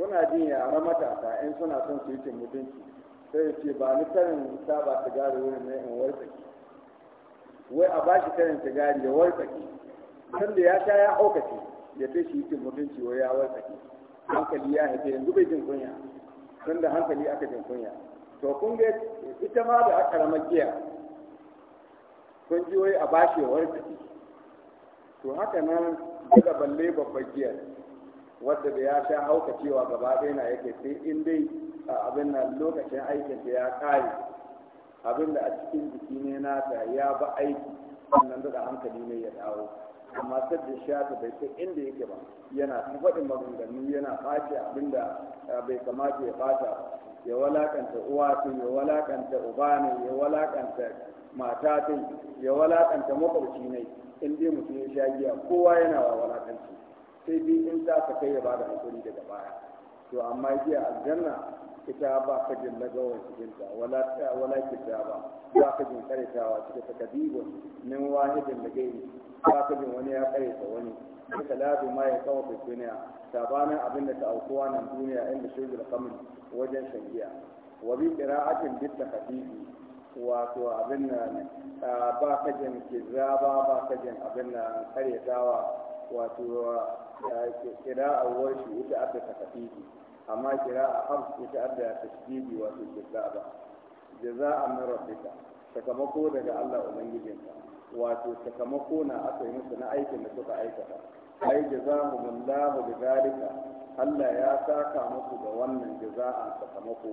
kuna jin yara matasa in suna son su yi cin mutunci sai ce ba ni karin saba sigari wurin ne in wartsaki wai a bashi karin sigari ya wartsaki san da ya sha ya haukace ya fi shi cin mutunci wai ya wartsaki hankali ya haife yanzu bai jin kunya tun da hankali aka jin kunya to kun ga ita ma da aka rama giya kun ji wai a bashewar ciki to haka nan daga balle babban giya wadda da ya sha hauka cewa gaba ɗaya na yake sai in dai abin nan lokacin aikin da ya kare abin da a cikin jiki ne ta ya ba aiki sannan da hankali ne ya dawo amma sai da sha ta bai sai inda yake ba yana faɗin maganganu yana ɓace abin da bai kamata ya ɓata ba ya walakanta uwa ya walakanta uba ya walakanta mata ya walakanta makwabci ne in dai mutum ya sha giya kowa yana wa walakanci sai dai in za ka kai ya bada hakuri daga baya to amma giya aljanna ita ba ka jin lagawar cikinta wala ta ba ka jin karitawa cikin takadibun min wahidin da gaini ba ka bin wani ya kare ta wani duka labi ma ya kawo fi duniya sabanin abin da ta aukuwa nan duniya inda shirgin kamun wajen shangiya wa bi qira'atin bit takdibi wato abin nan ba ka jin kizaba ba ka jin abin na karyatawa wato a warshi ita abda takdibi amma qira'a hafs ita abda tasdibi wato kizaba jaza'an min rabbika sakamako daga Allah ubangijinka wato sakamako na aka yi musu na aikin da suka aikata ai jazahumullahu bidhalika Allah ya saka musu da wannan jaza'an sakamako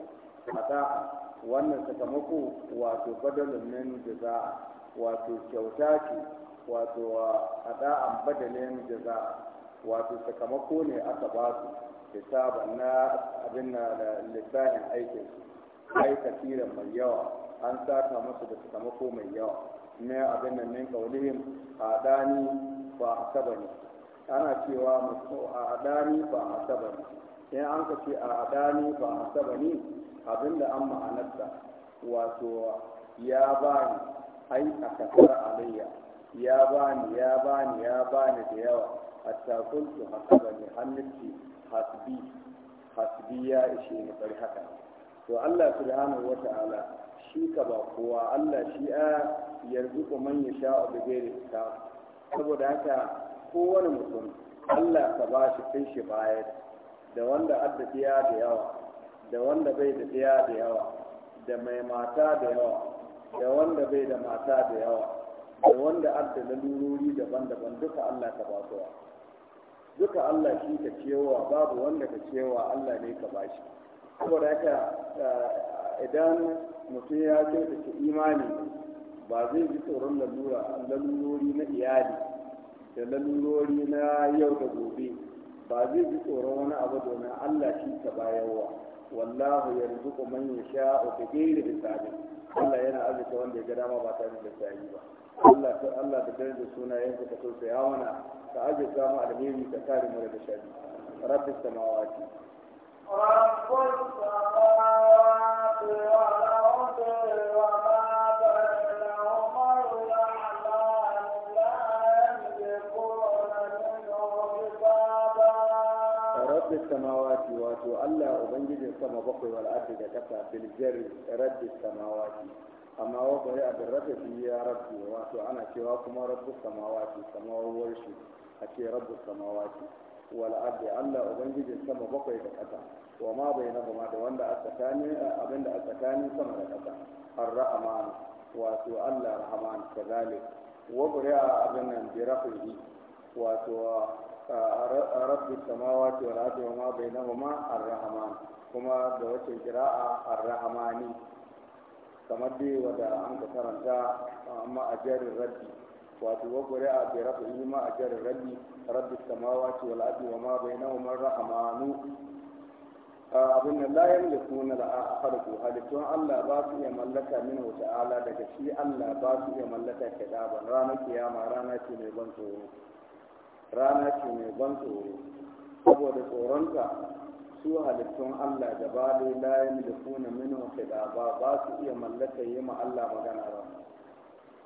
mata wannan sakamako wato badalin min jaza'a wato kyauta ce wato ada'an badalin jaza'a wato sakamako ne aka ba su hisaban na abin na da lissafin aikin su ai kafiran mai yawa an saka musu da sakamako mai yawa ne abin nan min qaulihim hadani fa ne ana cewa musu a hadani fa hasabani in an ka ce a ba hadani ne abin da an ma'anarsa wato ya bani ai a kasar alayya ya bani ya bani ya bani da yawa hatta kuntu hasabani hannunci hasbi hasbi ya ishe ni bari haka to Allah subhanahu ta'ala. shi ka ba kowa Allah shi a yanzu ku manya ya sha abu gairi ta saboda haka kowane mutum Allah ka ba shi kai shi bayar da wanda adda tsiya da yawa da wanda bai da daya da yawa da mai mata da yawa da wanda bai da mata da yawa da wanda adda lalurori daban-daban duka Allah ka ba kowa duka Allah shi ka cewa babu wanda ka cewa Allah ne ka ba shi. saboda haka eh, idan mutum ya kyautata imani ba zai ji tsoron lalura lalurori na iyali da lalurori na yau da gobe ba zai ji tsoron wani abu domin Allah shi ka bayarwa wallahu ya manyan man yasha'u bi da hisabi Allah yana arzika wanda ya ga dama ba tare da hisabi ba Allah ta Allah da suna sunayen ka so sai mana ka arzika mu alheri ta kare mu daga sharri rabbis samawati rabbus samawati samawati wato Allah ubangijin sama bakwai wal ardi da kasa bil jarri raddi samawati amma wa bari abin rabbi fi ya rabbi wato ana cewa kuma rabbu samawati samawar shi a ce rabbu samawati wal ardi Allah ubangijin sama bakwai da kasa wa ma bainahuma da wanda a tsakanin abinda a tsakanin sama da kasa ar-rahman wato Allah rahman kazalik wa bari abin nan bi rafihi wato A rabbi samawati wal ardi wa ma bainahuma ar-rahman kuma da wace kira'a ar-rahmani kamar dai wanda an ka karanta amma a jarin rabbi wato wa qira'a bi rabbi ma a jarin rabbi rabbi samawati wal ardi wa ma bainahuma ar-rahmanu abin da la yamliku na da akharku halittun Allah ba su iya mallaka minhu ta'ala daga shi Allah ba su iya mallaka kadaban ranar kiyama rana ce mai ban tsoro rana ce mai ban tsoro saboda tsoronta su halittun Allah da ba da layin da suna mini da ba ba su iya mallaka yi ma Allah magana ba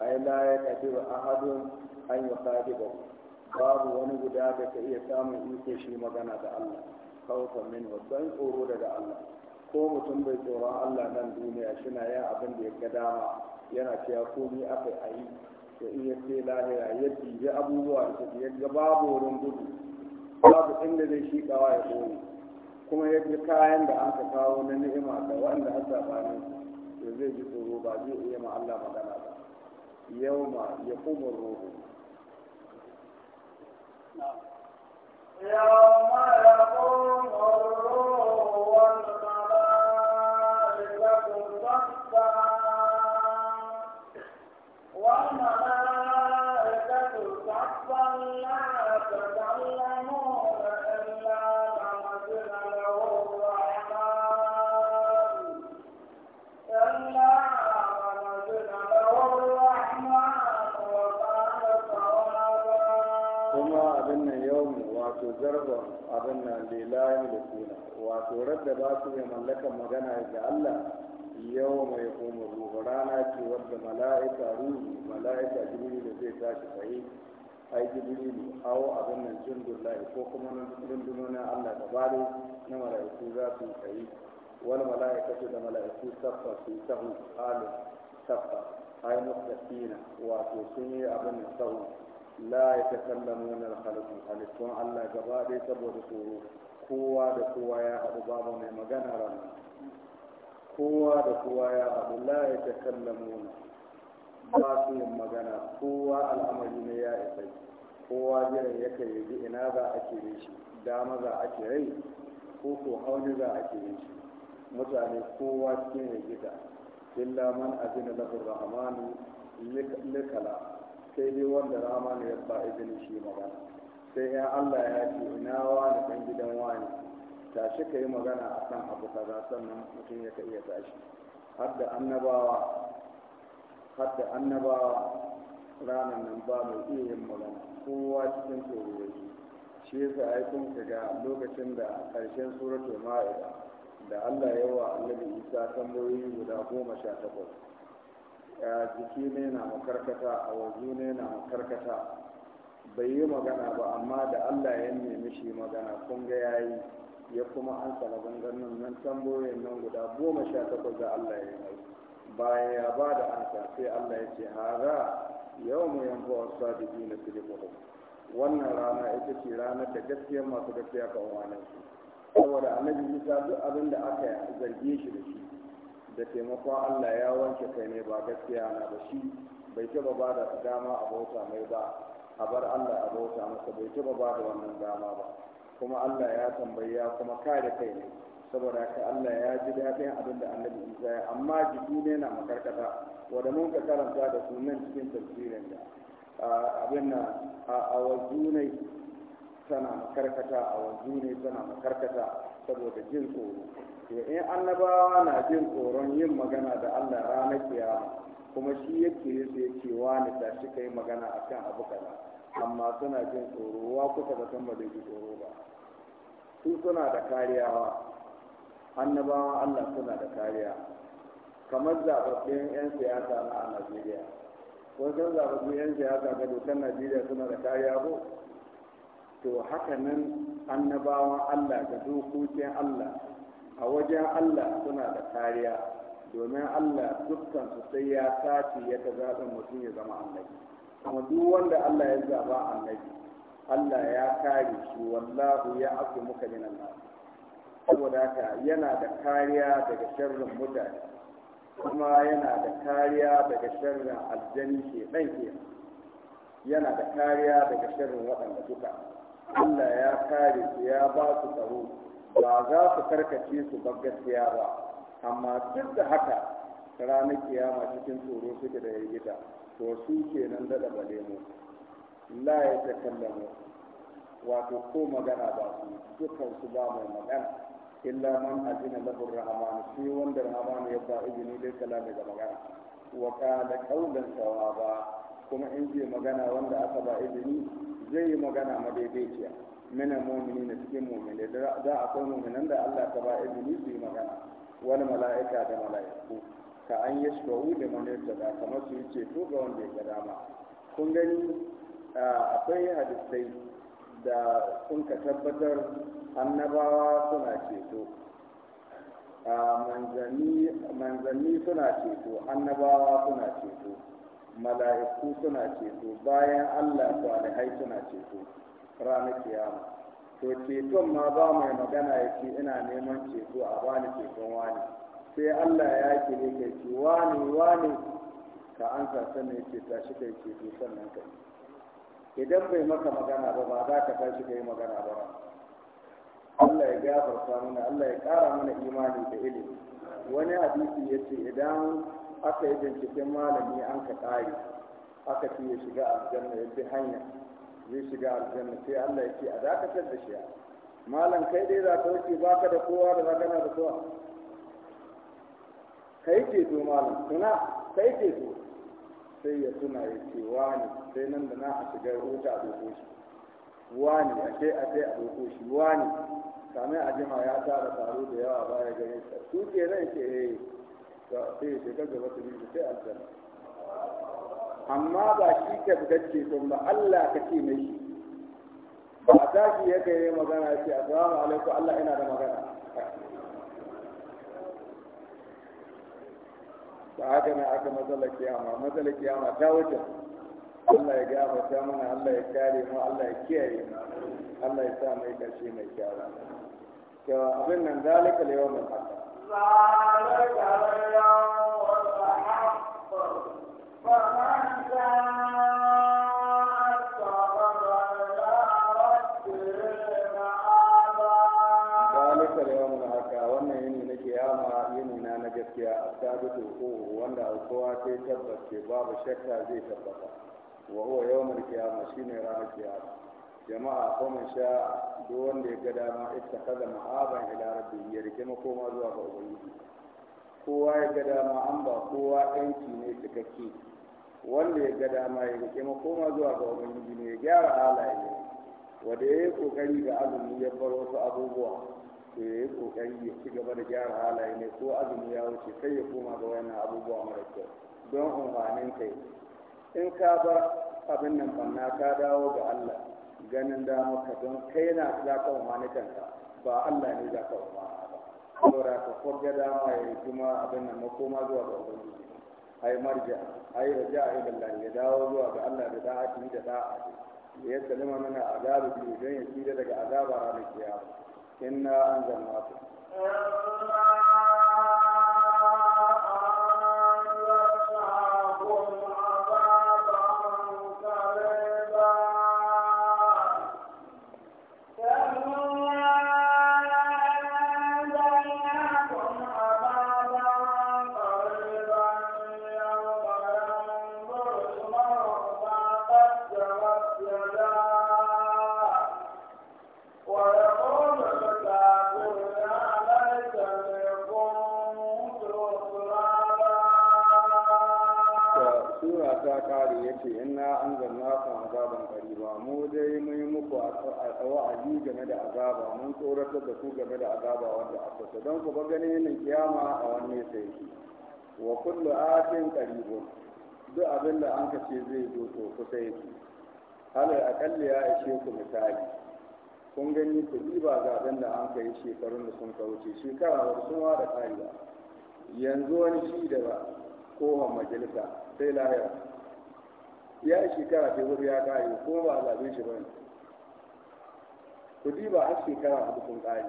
ai la ya kadiru ahadun an yi ba. babu wani guda da ka iya samun iko shi magana da Allah kawo min tsoro daga Allah ko mutum bai tsoron Allah nan duniya shi na yin abin da ya ga dama yana cewa komi aka yi to in ya ce lahira ya abubuwa da suke ya babu wurin gudu babu inda zai shi kawa ya koyi kuma ya kayan da an ka kawo na ni'ima da wanda an sabanin to zai ji tsoro ba zai iya ma Allah magana ba yau ma ya kuma ruhu يوم يقوم la yamlikuna wato radda ba su ne mallakan magana ga Allah yau mai kuma ruhu rana ce wadda mala'ika ruhu mala'ika da zai tashi tsaye ai jibrilu awo abin nan jundullahi ko kuma na nan rundunonin Allah gabare na mala'iku za su wani mala'ika mala'ikatu da mala'iku saffa su sahu alu saffa ai mustaqina wato sun yi abin da sahu la yatakallamuna al-khalqu halittun Allah gabare saboda tsoro kowa da kowa ya haɗu babu mai magana rana kowa da kowa ya haɗu la ya ta kallamu ba su yin magana kowa al'amari ne ya isa kowa jiran ya kai yaji ina za a kere shi dama za a kere ko ko hauni za a kere shi mutane kowa cikin ya gida illa man azina lahu rahmanu likala sai dai wanda rahmanu ya ba izini shi magana sai ya Allah ya ce ina wani kan gidan wani tashi ka yi magana a kan abu kaza sannan mutum ya ka iya tashi har da annabawa har annabawa ranar nan ba mai iya yin magana kowa cikin tsoro yake shi ya ai kun ga lokacin da ƙarshen suratul ma'ida da Allah ya wa annabi Isa tambayoyi guda goma sha takwas jiki ne na makarkata a wazu ne na makarkata bai yi magana ba amma da Allah ya nemi shi magana kun ga yayi ya kuma an salaban ganin nan tambayoyin nan guda goma sha takwas da Allah ya yi bayan ya ba da ansa sai Allah ya ce haza yau mu yanzu a sadiki na sirikuhu wannan rana ita ce ranar da gaskiya masu gaskiya ka wani saboda annabi isa duk abin da aka zarge shi da shi da taimakon Allah ya wanke kai ne ba gaskiya na ba shi bai taba ba da dama a bauta mai ba a bar Allah a bauta masa bai taba ba da wannan dama ba kuma Allah ya tambaya kuma kare kai ne saboda ka Allah ya ji daɗin abin da annabi Isa ya amma jiki ne na makarkata wanda mun ka karanta da sunan cikin tafsirin da abin na a wajunai tana makarkata a tana makarkata saboda jin tsoro to in annabawa na jin tsoron yin magana da Allah ranar kiyama kuma shi yake yake yake wani da shi kai magana akan abu kaza amma suna jin tsoro wa kuka da san ba zai ji tsoro ba su suna da kariyawa annabawa Allah suna da kariya kamar zababbin 'yan siyasa na a Najeriya wasan zababbin 'yan siyasa ga dokar Najeriya suna da kariya ko to haka nan annabawan Allah da dokokin Allah a wajen Allah suna da kariya domin Allah dukkan su sai ya sace ya ta zaɓa mutum ya zama annabi kuma duk wanda Allah ya zaɓa annabi Allah ya kare shi wallahu ya aku muka min Allah saboda haka yana da kariya daga sharrin mutane kuma yana da kariya daga sharrin aljani ke ɗan ke yana da kariya daga sharrin waɗanda duka Allah ya kare su ya ba su tsaro ba za su karkace su ba gaskiya ba amma duk da haka ranar kiyama cikin tsoro suke da yargita to su ke nan da bale mu la ya ta kallamu wato ko magana ba su dukkan su ba mai magana illa man azina lahu rahman shi wanda rahman ya ba izini dai kala daga magana wa qala qawlan sawaba kuma in je magana wanda aka ba izini zai yi magana madaidaiciya mina mu'minina cikin mu'mini da koma mu'minan da Allah ta ba izini su yi magana wani mala'ika da mala'iku ka an yi shugabu da manarta da kamar su yi ceto ga wanda ya ga dama kun gani akwai hadisai da sun ka tabbatar annabawa suna ceto manzanni suna ceto annabawa suna ceto mala'iku suna ceto bayan allah salihai suna ceto ranar kiyama to ceton ma ba mai magana ya ce ina neman ceto a bani ceton wani sai Allah ya ne ka ce wani wani ka ansa sannan ce ta tashi kai ceto sannan kai idan bai maka magana ba ba za ka tashi kai magana ba Allah ya gafarta mana Allah ya kara mana imani da ilimi wani hadisi ya ce idan aka yi binciken malami an ka kare aka ce ya shiga aljanna ya bi hanya zai shiga aljanna sai Allah ya ce a dakatar da shi malam kai dai za ka wuce baka da kowa da zaka na da kowa kai ke to malam tuna kai ke to sai ya tuna ya ce wani sai nan da na a shiga wuta a doko shi wani a kai a kai a doko shi wani kamar a jima ya tara taro da yawa baya ganin sa su ke nan ke eh sai ya shiga gaba su sai aljanna amma ba shi ka fitar ceton ba Allah ka ce mai shi ba a tashi ya kai yi magana ya ce assalamu alaikum Allah ina da magana ba haka na aka matsalar kiyama matsalar kiyama ta wuce Allah ya gafarta mana Allah ya kare mu Allah ya kiyaye mu Allah ya sa mai karshe mai kyawa to abin nan zalika al-yawm al-haq zalika al-yawm al-haq tabbace babu shakka zai tabbata wa huwa yawmul qiyamah shine ranar kiyama jama'a ko mun sha duk wanda ya ga dama ittakhadha ma'aban ila rabbi ya rike makoma zuwa ga ubangiji kowa ya ga dama an ba kowa ɗanki ne ke wanda ya ga dama ya rike makoma zuwa ga ubangiji ne ya gyara halaye ne wanda ya yi kokari ga azumi ya bar wasu abubuwa to ya yi kokari ya ci gaba da gyara halaye ne ko azumi ya wuce sai ya koma ga wannan abubuwa mara kyau don amfanin kai in ka bar abin nan banna ka dawo ga Allah ganin damar ka don kai na za ka umarni kanka ba Allah ne za ka umarni saboda ka da dama ya kuma abin nan makoma zuwa ga ubangiji yi marja yi raja yi Allah ya dawo zuwa ga Allah da da'ati da da ya salima mana azabu biyu don ya tsira daga azaba ranar kiyama inna ku mu dai mu yi muku wa'azi game da azaba mun tsoratar da ku game da azaba wanda aka so don ku ba ganin yin kiyama a wannan sai wa kullu atin qaribun duk abin da an kace zai zo to kusa yake Hala akalli ya ishe ku misali kun gani ku ga zaben da an kai shekarun da sun kauce shekara ba sun da kariya yanzu wani shi da ba ko majalisa sai lahira ya yi shekara ta wuri ya kare ko ba a zaɓe shi ba ne kudi ba har shekara hudu dukkan kayi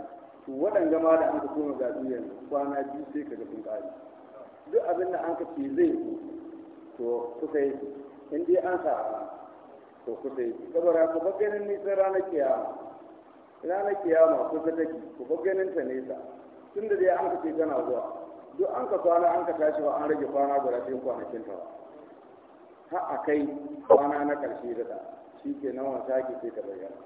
to waɗanda ma da an ka koma zaɓe yanzu kwana biyu sai ka ga kayi duk abin da an ka ce zai yi to kusa yi in dai an sa to kusa yi saboda ku ba ganin nisan ranar kiyama ranar kiyama kusa take ku ba ganin ta nesa tun da dai an ka ce tana zuwa duk an ka kwana an ka tashi ba an rage kwana guda sai kwanakin ta ba ta a kai kwana na ƙarshe da ta shi ke nan wasa ke ce ta bayyana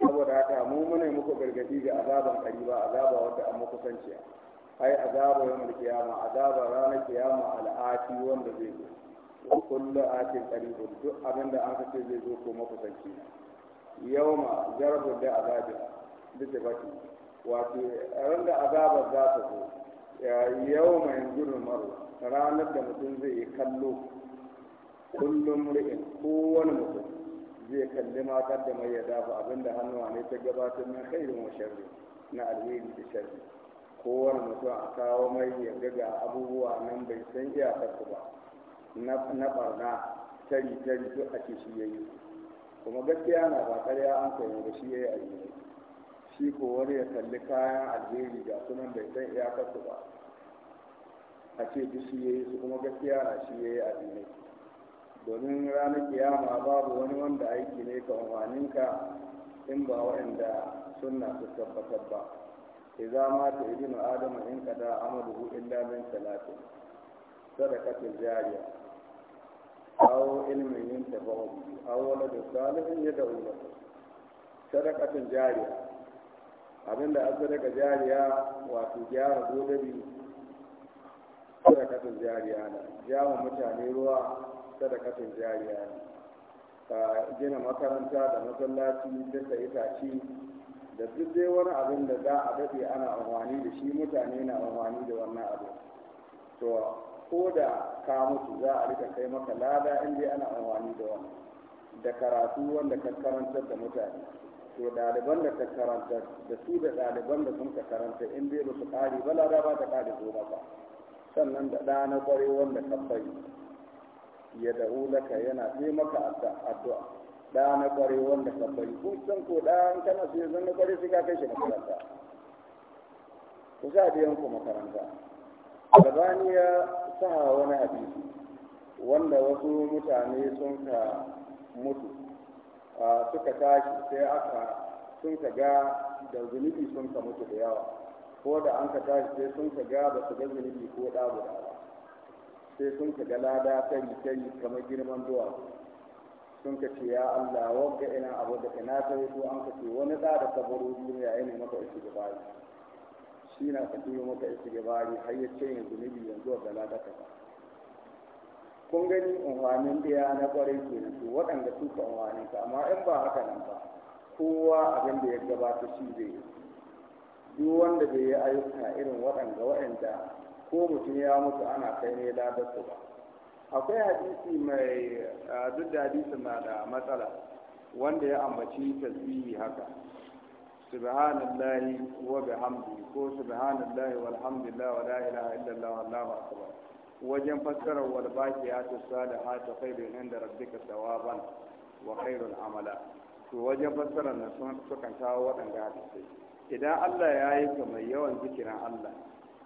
saboda haka mu muna muku gargadi ga azaban ƙariba azaba wadda an makusanciya ai azaba mulki kiyama azaba ranar kiyama al'ati wanda zai zo kullu ƙari qaribun duk abin da an ce zai zo ko Yau ma jarbu da azabi da baki wato ran da azabar za ta zo mai yanzuru maro, ranar da mutum zai yi kallo kullum mur'in kowane mutum zai kalli ma mai ya dafa abinda hannuwa ne ta gabatar min khairin wa sharri na alheri da sharri kowane mutum a kawo mai ya ga abubuwa nan bai san kasu ba na barna tari tari duk a ce shi yayi kuma gaskiya na ba ƙarya an koyi ba shi yayi alheri shi ko wani ya kalli kayan alheri ga sunan bai san kasu ba a ce duk shi yayi su kuma gaskiya na shi yayi alheri domin ranar kiyama babu wani wanda aiki ne ka umarninka in ba waɗanda suna su tabbatar ba ta mata ibnu adam in da amadu hudun min salatin sadaqatil jariya aw ilmin yantafa'u bihi aw da salihin yad'u lahu sadaqatil jariya abinda aka sadaka jariya wato gyara godabi sadaqatil jariya na jawo mutane ruwa sadakatin jariya ka gina makaranta da masallaci da itace da duk dai wani abin da za a daɗe ana amfani da shi mutane na amfani da wannan abu. to ko da ka mutu za a rika kai maka lada in dai ana amfani da wannan da karatu wanda ka karantar da mutane to ɗaliban da ka karantar da su da ɗaliban da sun ka karanta in dai ba su ƙari ba lada ba ta ƙari zo maka sannan da ɗa na ƙwarewar da ka bari ya da'u laka yana yi maka addu'a da na kware wanda ka bari ko san ko da an kana sai zan na kware sai ka kai shi makaranta ku sa biyan ku makaranta albani ya sa wani hadisi wanda wasu mutane sun ka mutu suka tashi sai aka sun ka ga da zunubi sun ka mutu da yawa ko da an ka tashi sai sun ka ga ba su ga zunubi ko ɗa guda ba sai sun ka galada kai-kai kamar girman duwa sun ka ce ya Allah wanda ina abu da ina ta ko an ka ce wani da da kaburu duniya ya maka isi gabari shi na ka ce maka isi gabari har ya ce yanzu zunubi yanzu a galada ka kun gani da ya na ke nan to waɗanda su ka unhwanin ka amma in ba haka nan ba kowa abin da ya gabata shi zai yi duk wanda bai yi ayyuka irin waɗanda waɗanda ko mutum ya mutu ana kai ne ladarsu ba akwai hadisi mai duk da hadisi na da matsala wanda ya ambaci tasbihi haka subhanallahi wa bihamdi ko subhanallahi walhamdulillah wa la ilaha illallah wallahu akbar wajen fassarar wal baqiyatu salihatu khairun inda rabbika thawaban wa khairul amala to wajen fassarar nan sun sukan kawo waɗanda hadisai idan Allah ya yi ka yawan zikirin Allah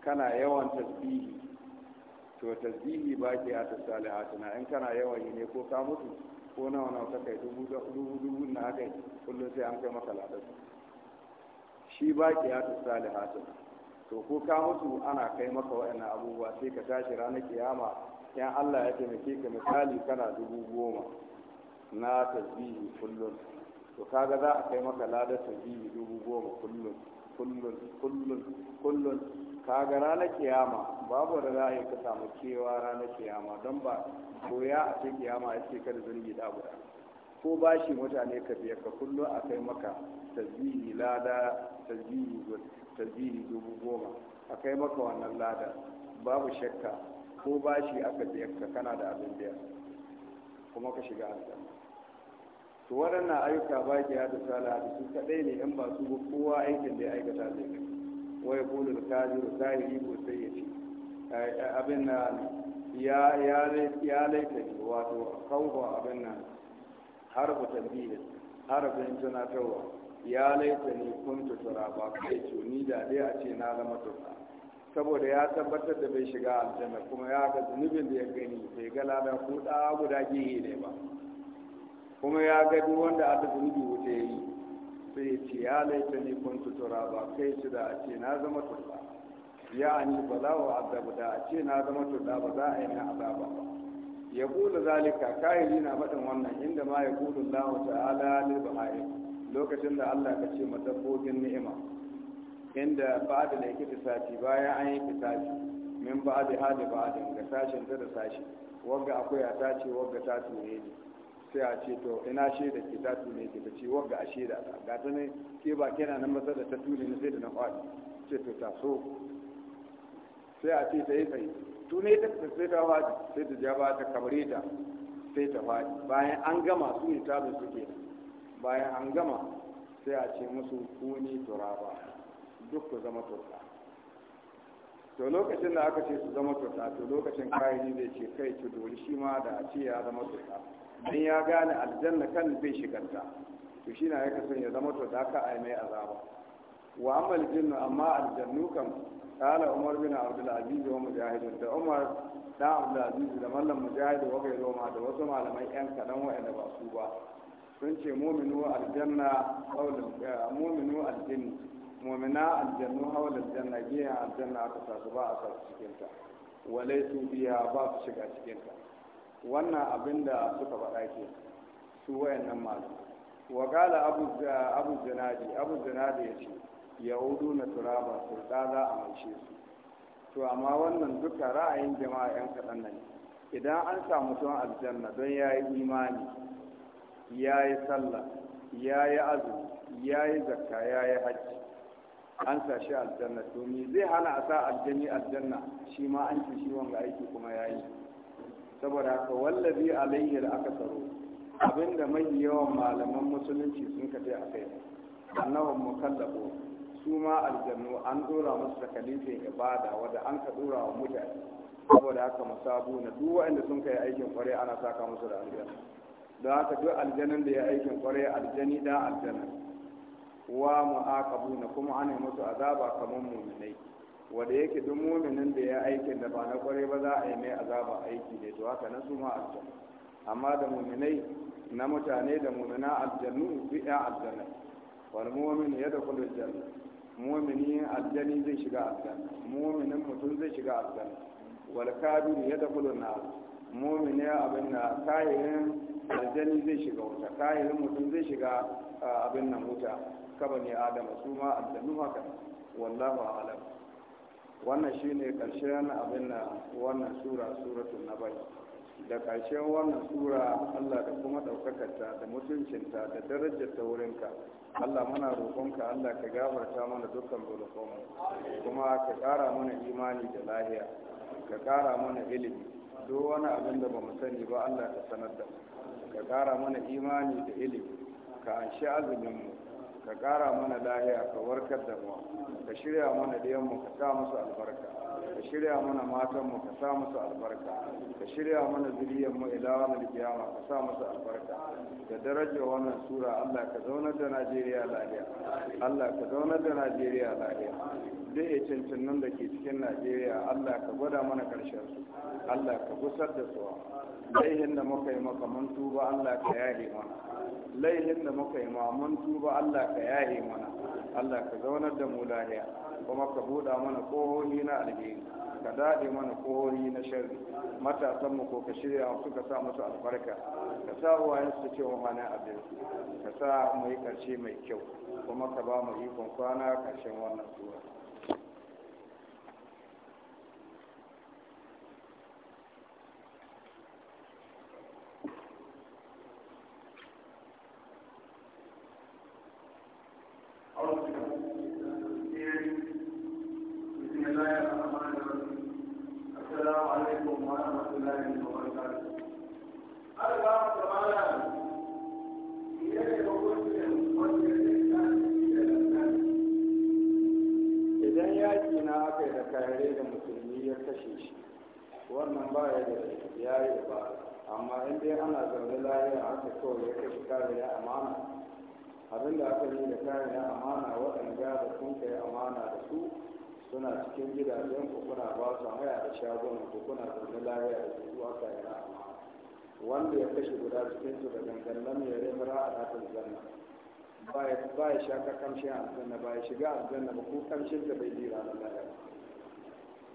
kana yawan tasbihi to tasbihi ba ke a tasalihatina in kana yawan yi ne ko ka mutu ko nawa nawa ta kai dubu dubu na kai kullum sai an kai maka ladar shi ba ke a tasalihatina to ko ka mutu ana kai maka waɗannan abubuwa sai ka tashi ranar kiyama in Allah ya taimake ka misali kana dubu goma na tasbihi kullum to kaga za a kai maka ladar tasbihi dubu goma kullum kullum kullum kullum kaga ranar kiyama babu da za a yi ka samu cewa ranar kiyama don ba koya a ce kiyama ya ce kada zurgi da guda ko ba shi mutane ka biya ka kullum a kai maka tasbihi lada tasbihi dubu goma a kai maka wannan lada babu shakka ko ba shi aka biya ka kana da abin biya kuma ka shiga harkar to waɗannan ayyuka ba ki ya da sala da su kaɗai ne in ba su kowa aikin da ya aikata zai kai wa eh, ya kulu da kaji da zahiri ko sai ya ce abin na ya laita ne wato kawo abin nan harfu tambiya harfin tunatarwa ya laita ne kuntu ba kai ce ni da dai a ce na zama turba saboda ya tabbatar da bai shiga aljanna kuma ya ga zunubin da ya gani bai ga ladan kuɗa da guda gihe ne ba kuma ya ga duk wanda aka zunubi wuta yi. sai ya ce ya laita ni kuntu turaba kai shi da a ce na zama turba ya ni ba za wa azabu da a ce na zama turba ba za a yi na azaba ba ya kula zalika kayi na faɗin wannan inda ma ya kula Allah ta'ala bahai lokacin da Allah ka ce madabbobin ni'ima inda ba da yake sati bayan an yi kitabi min ba ba da ga ta da sashin wagga akwai ta ce wagga ta tune ne sai a ce to ina da ke tatu ne ke ta wanga a shaida ta ga ta ne ke ba kina nan masar da ta tune ne sai da na kwaɗi ce to ta so sai a ce ta yi tsaye ne ta sai ta faɗi sai ta jaba ta kamare ta sai ta faɗi bayan an gama su ne tabin suke bayan an gama sai a ce musu kuni turaba duk ku zama turka tota. to lokacin da aka ce su zama turka tota, to lokacin kayan zai ce kai ki dole shi ma da a ce ya zama turka tota. dan ya gane aljanna kan zai shiganta to shi na yaka son ya zama to daka ka mai azaba wa amal jinnu amma aljannu kam qala umar bin abdul aziz wa mujahid da umar da abdul aziz da mallam mujahid wa kai roma da wasu malaman yan kadan wa'anda ba su ba sun ce mu'minu aljanna qawlan eh, mu'minu aljannu mu'mina aljannu hawla aljanna giya aljanna aka sasu ba a cikin ta walaitu biya ba su shiga cikin ta wannan abin da suka faɗa ke su wayannan masu wakala abu zinadi abu zinadi ya ce yahudu na turaba da za a mace su to amma wannan duka ra'ayin jama'a yan kaɗan nan idan an samu tun aljanna don ya yi imani ya yi sallah ya yi azumi ya yi zakka ya yi hajji an sa shi aljanna to me zai hana a sa aljani aljanna shi ma an ci shi wanga aiki kuma ya yi saboda haka wallazi alayhi aka tsaro, abinda mai yawan malaman musulunci sun kace a kai annahum mukallabu su ma aljannu an dora musu takalifin ibada wadda an ka dora wa mutane saboda haka musabu na duk waɗanda sun kai aikin kwarai ana saka musu da aljanna don haka duk aljanin da ya aikin kwarai aljani da aljanna wa mu'aqabu na kuma an yi musu azaba kamar mu'minai wanda yake duk muminin da ya aikin da ba na kwarai ba za a yi mai azaba aiki ne to haka na su ma aljanna amma da muminai na mutane da mumina aljannu bi ya aljanna wal mu'min kudu aljanna mu'mini aljani zai shiga aljanna mu'minin mutum zai shiga aljanna wal kafir yadkhulu an-nar mu'mini abin da kayan aljani zai shiga wuta kayan mutum zai shiga abin nan wuta kaba ne Adama? su ma aljannu haka wallahu a'lam wannan shine karshen abin da wannan sura suratul nabai da karshen wannan sura Allah da kuma ɗaukakarta da mutuncinta da darajar ta wurinka Allah muna roƙonka Allah ka gafarta mana dukkan zulufanmu kuma ka ƙara mana imani da lahiya ka ƙara mana ilimi duk wani abin da bamu sani ba Allah ka sanar da ka ƙara mana imani da ilimi ka anshi mu ka ƙara mana lahiya ka warkar da mu ka shirya mana mu ka sa musu albarka ka shirya mana matan mu ka sa musu albarka ka shirya mana zuriyar mu ila wani kiyama ka sa musu albarka da darajar wannan sura Allah ka zaunar da Najeriya lafiya Allah ka zaunar da Najeriya lafiya duk ya cancin da ke cikin Najeriya Allah ka gwada mana karshen su Allah ka gusar da su laihin da muka yi maka mun tuba Allah ka yahe mana laihin da muka yi ma mun tuba Allah ka yahe mana Allah ka zaunar da mu lahiya kuma ka buɗa mana kohohi na alheri ka daɗe mana kohohi na sharri matasanmu ko ka shirya su ka sa musu albarka ka sa wayan su ce wa abin ka sa mu ƙarshe mai kyau kuma ka ba mu ikon kwana ƙarshen wannan sura aka kawai ya kai kare da amana abin da aka yi da kare na amana waɗanda da kun kai amana da su suna cikin gidajen ku kuna ba su haya da shagunan ku kuna zaune lafiya da su aka yi na amana wanda ya kashe guda cikin su da gangan ya yi mara a natin zanna ba ya shaka kamshin aljanna ba ya shiga aljanna ba ko kamshin da bai ji ranar lahira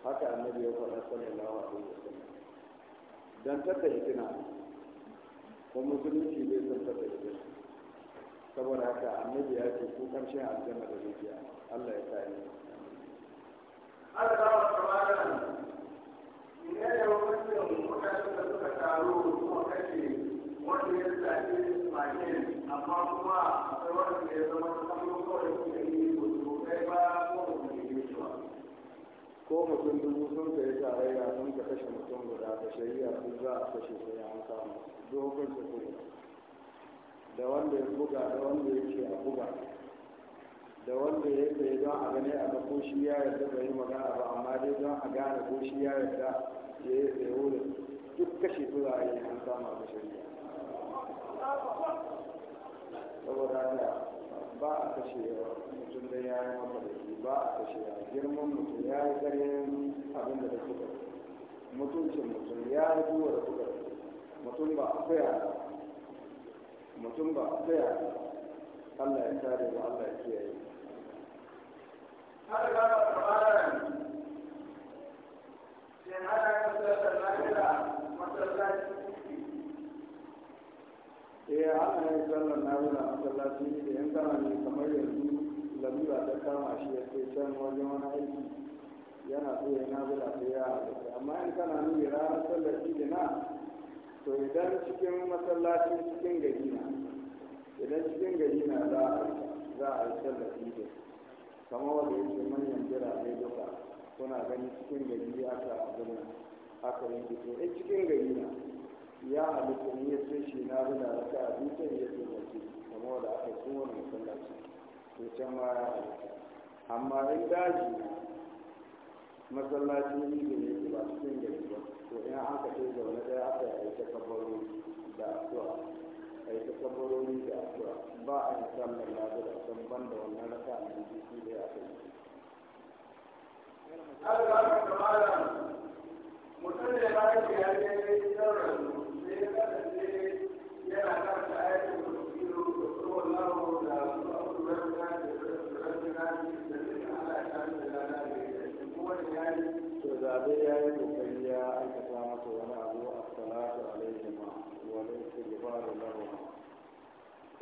haka annabi ya faɗa sallallahu alaihi wasallam dan tattalin tunanin ko musulunci bai tabbata da shi saboda haka annabi ya ce ko karshen aljanna da dukiya Allah ya sa ni Allah ya tsamara ne da kuma ya amma kuma akwai wanda ya zama kamar kawai kuma yi ko ba ko ko mutum dubu sun ka yi tarayya sun ka kashe mutum guda da shari'a sun za a kashe sai an kama dogon su kuma da wanda ya buga da wanda ya ce a buga da wanda ya tsaye don a gane a ga ko shi ya yarda bai yi magana ba amma dai don a gane ko shi ya yarda ya yi tsaye wurin duk kashe su za a yi an kama da shari'a saboda haka ba a kashe mutum da ya yi masa da shi ba a kashe ya girman mutum ya yi ganin abin da suka mutuncin mutum ya yi duwa da suka mutum ba a tsaya mutum ba a tsaya Allah ya kare mu Allah ya kiyaye har ga Qur'an sai ana kasar da lafiya masallaci eh ana yin sallar nafila a masallaci ne da yan kana ne kamar yanzu lalura ta kama shi ya ce can wajen wani aiki yana so ya nafila sai ya haɗu amma yan kana ne ranar sallar shi na to idan cikin masallaci cikin gari na idan cikin gari na za a za a yi sallar shi ne kamar wanda ya ce manyan birane duka kuna gani cikin gari aka abin aka yi to cikin gari na ya halitta ne ya sai shi na bina raka a dukkan ya ce mace kamar da aka so wani masallaci to can ma ya halitta amma in daji masallaci ne da ne ba cikin gari ba to in aka ce zaune ɗaya aka yi ta kabarori da addu'a a yi ta da asuwa ba a yi sallar lafiya san ban da wannan raka a dukkan su da ya aka yi. Allah ya kamala mutum da ba ka yi ya ce ya yi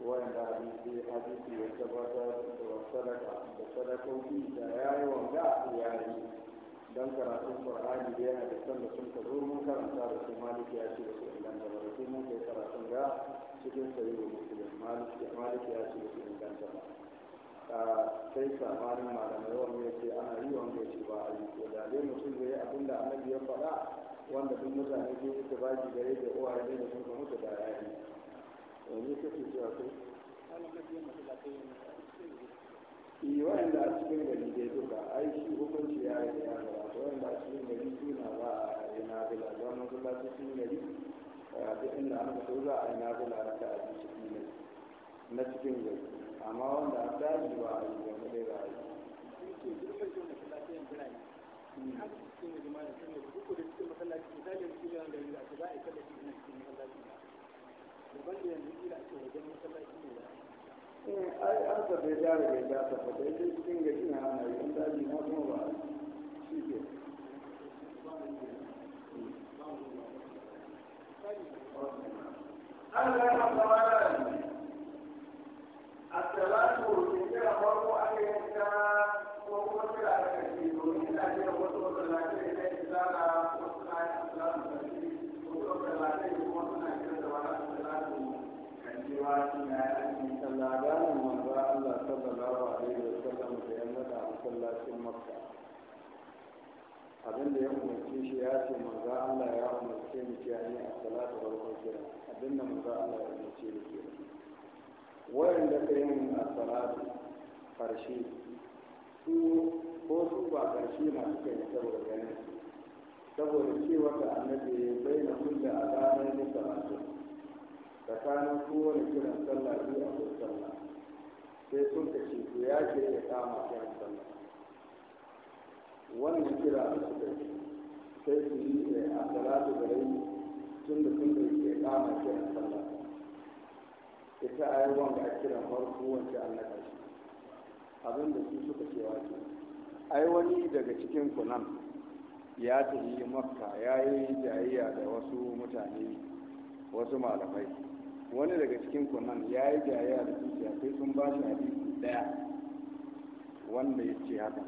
wanda abinci hadisi ya tabbatar da sadaka da sadakoki da yayi wanga ya yi dan karatun qur'ani da yana da san da sun ka zo mun karanta da su maliki ya ce da su inganta ba sai mun kai karatun ga cikin da muslim maliki maliki ya ce da su inganta ba sai samarin malamai wanda ya ce ana yi wanda ya ce ba a yi ko da dai mutum zai yi abin da annabi ya faɗa wanda duk mutane ke suka ba shi gare da uwaye ne da sun ka mutu da yayi yanzu kake cewa kai yi wa'anda a cikin gari dai duka shi hukunci ya yi ya gabata wa'anda a cikin gari suna ba a yi nabila za mu zula cikin gari duk inda an so za a yi nabila ta a cikin gari na cikin gari amma wanda a daji ba a yi ba dai ba a yi. ai an sa bai ja da gaja ta fa dai sai cikin gaji na ana yi an daji na kuma ba shi ke Allah ya kama da ni Assalamu alaikum ya rabu ko ake yanka ko ko ta ake yi ko ni da ke ko to da na ke da ta da ko ta ya Allah ko ta ya ko ta na ke da wannan salatu cewa ina yin sallah ranar manzo Allah sallallahu alaihi wa sallam da ya nada masallacin Makka abin da ya umarce shi ya ce manzo Allah ya umarce ni ce ni a salatu wal qur'an abin da manzo Allah ya umarce ni ke wayanda ka yin salatu karshe su ko su ba karshe na suka yi saboda ganin saboda cewa ta annabi bai na kulla a ranar da salatu tsakanin kowane kiran sallah biyu a ko sallah sai sun ka ce to ya ke ya kama kiran sallah wannan kira da suka yi sai su yi eh, a salatu da rai tun da sun ka ya kama kiran sallah ita a yi wanda a kiran farko wanda an naka shi abin da su suka cewa ke ai wani daga cikin kunan ya tafi makka ya yi jayayya da wasu mutane wasu malamai wani daga cikin kunan ya yi jayayya da zuciya sai sun ba shi hadisi daya wanda ya ce haka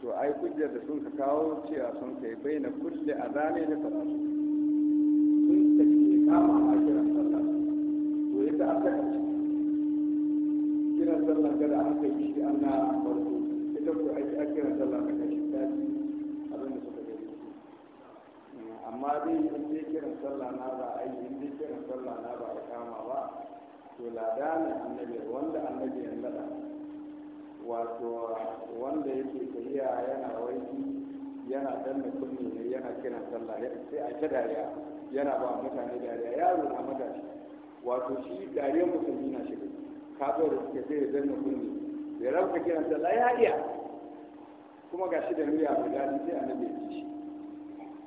to ai hujjar da sun ka kawo cewa sun kai bai na kulle a zane da salatu sun ta ke kama a kiran sallar to yi ta aka kace kiran sallar gada an yi shi an na farko ita ko a kiran sallar ka kashi ta abin da suka amma dai in dai kiran sallah na ba a yi in dai kiran sallah na ba a kama ba to ladanin annabi wanda annabi ya nada wato wanda yake tafiya yana waiki yana danna kunni ne yana kiran sallah sai a ta dariya yana ba mutane dariya yaro na matashi wato shi dariyar musulmi na shiga ka zo da suke sai ya danna kunni ya rauka kiran sallah ya iya kuma gashi da niyya mai gani sai annabi ya ci shi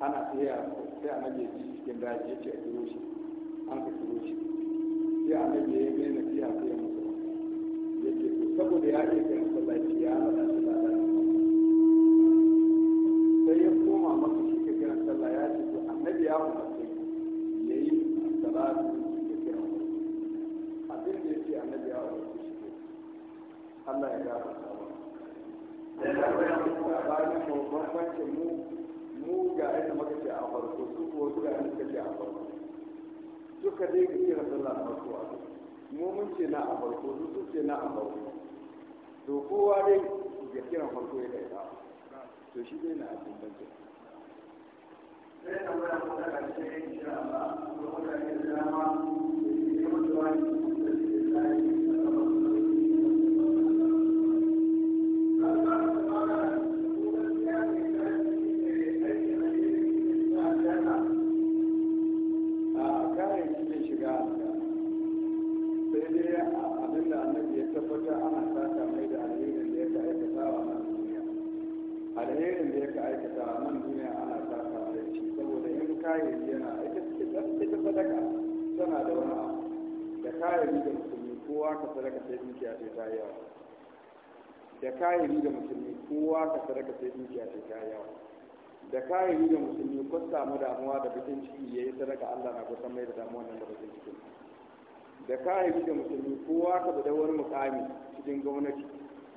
ana tsaya sai a nage shi cikin daji ya ce a kiro shi an ka kiro shi sai a nage ya mai nasiha sai ya musu ya ce to saboda ya ce kai masallaci ya da shi da sai ya koma masa shi ka kira sallah ya ce to annabi ya umarce ya yi salatu kira kiran abin da ya ce annabi ya umarce shi ke Allah ya gafarta wa. Da labarin mu bambancin mu mu ga inda muka ce a farko su ko su ga inda suka ce a farko duka dai ga kira sallah a farko mu mun ce na a farko su su ce na a farko to kowa dai ga kiran farko ya kai ta to shi dai na abin bankin sai da wani kuma da shi ya yi shi a ba da wani da ya da shi ya mutuwa da shi ya zai da kayiri da musulmi kowa ka sadaka sai dukiya ce ta yawa da kayiri da musulmi kun samu damuwa da bakin ciki yayi sadaka Allah na kusan mai da damuwa nan da bakin ciki da kayiri da musulmi kowa ka bada wani mukami cikin gwamnati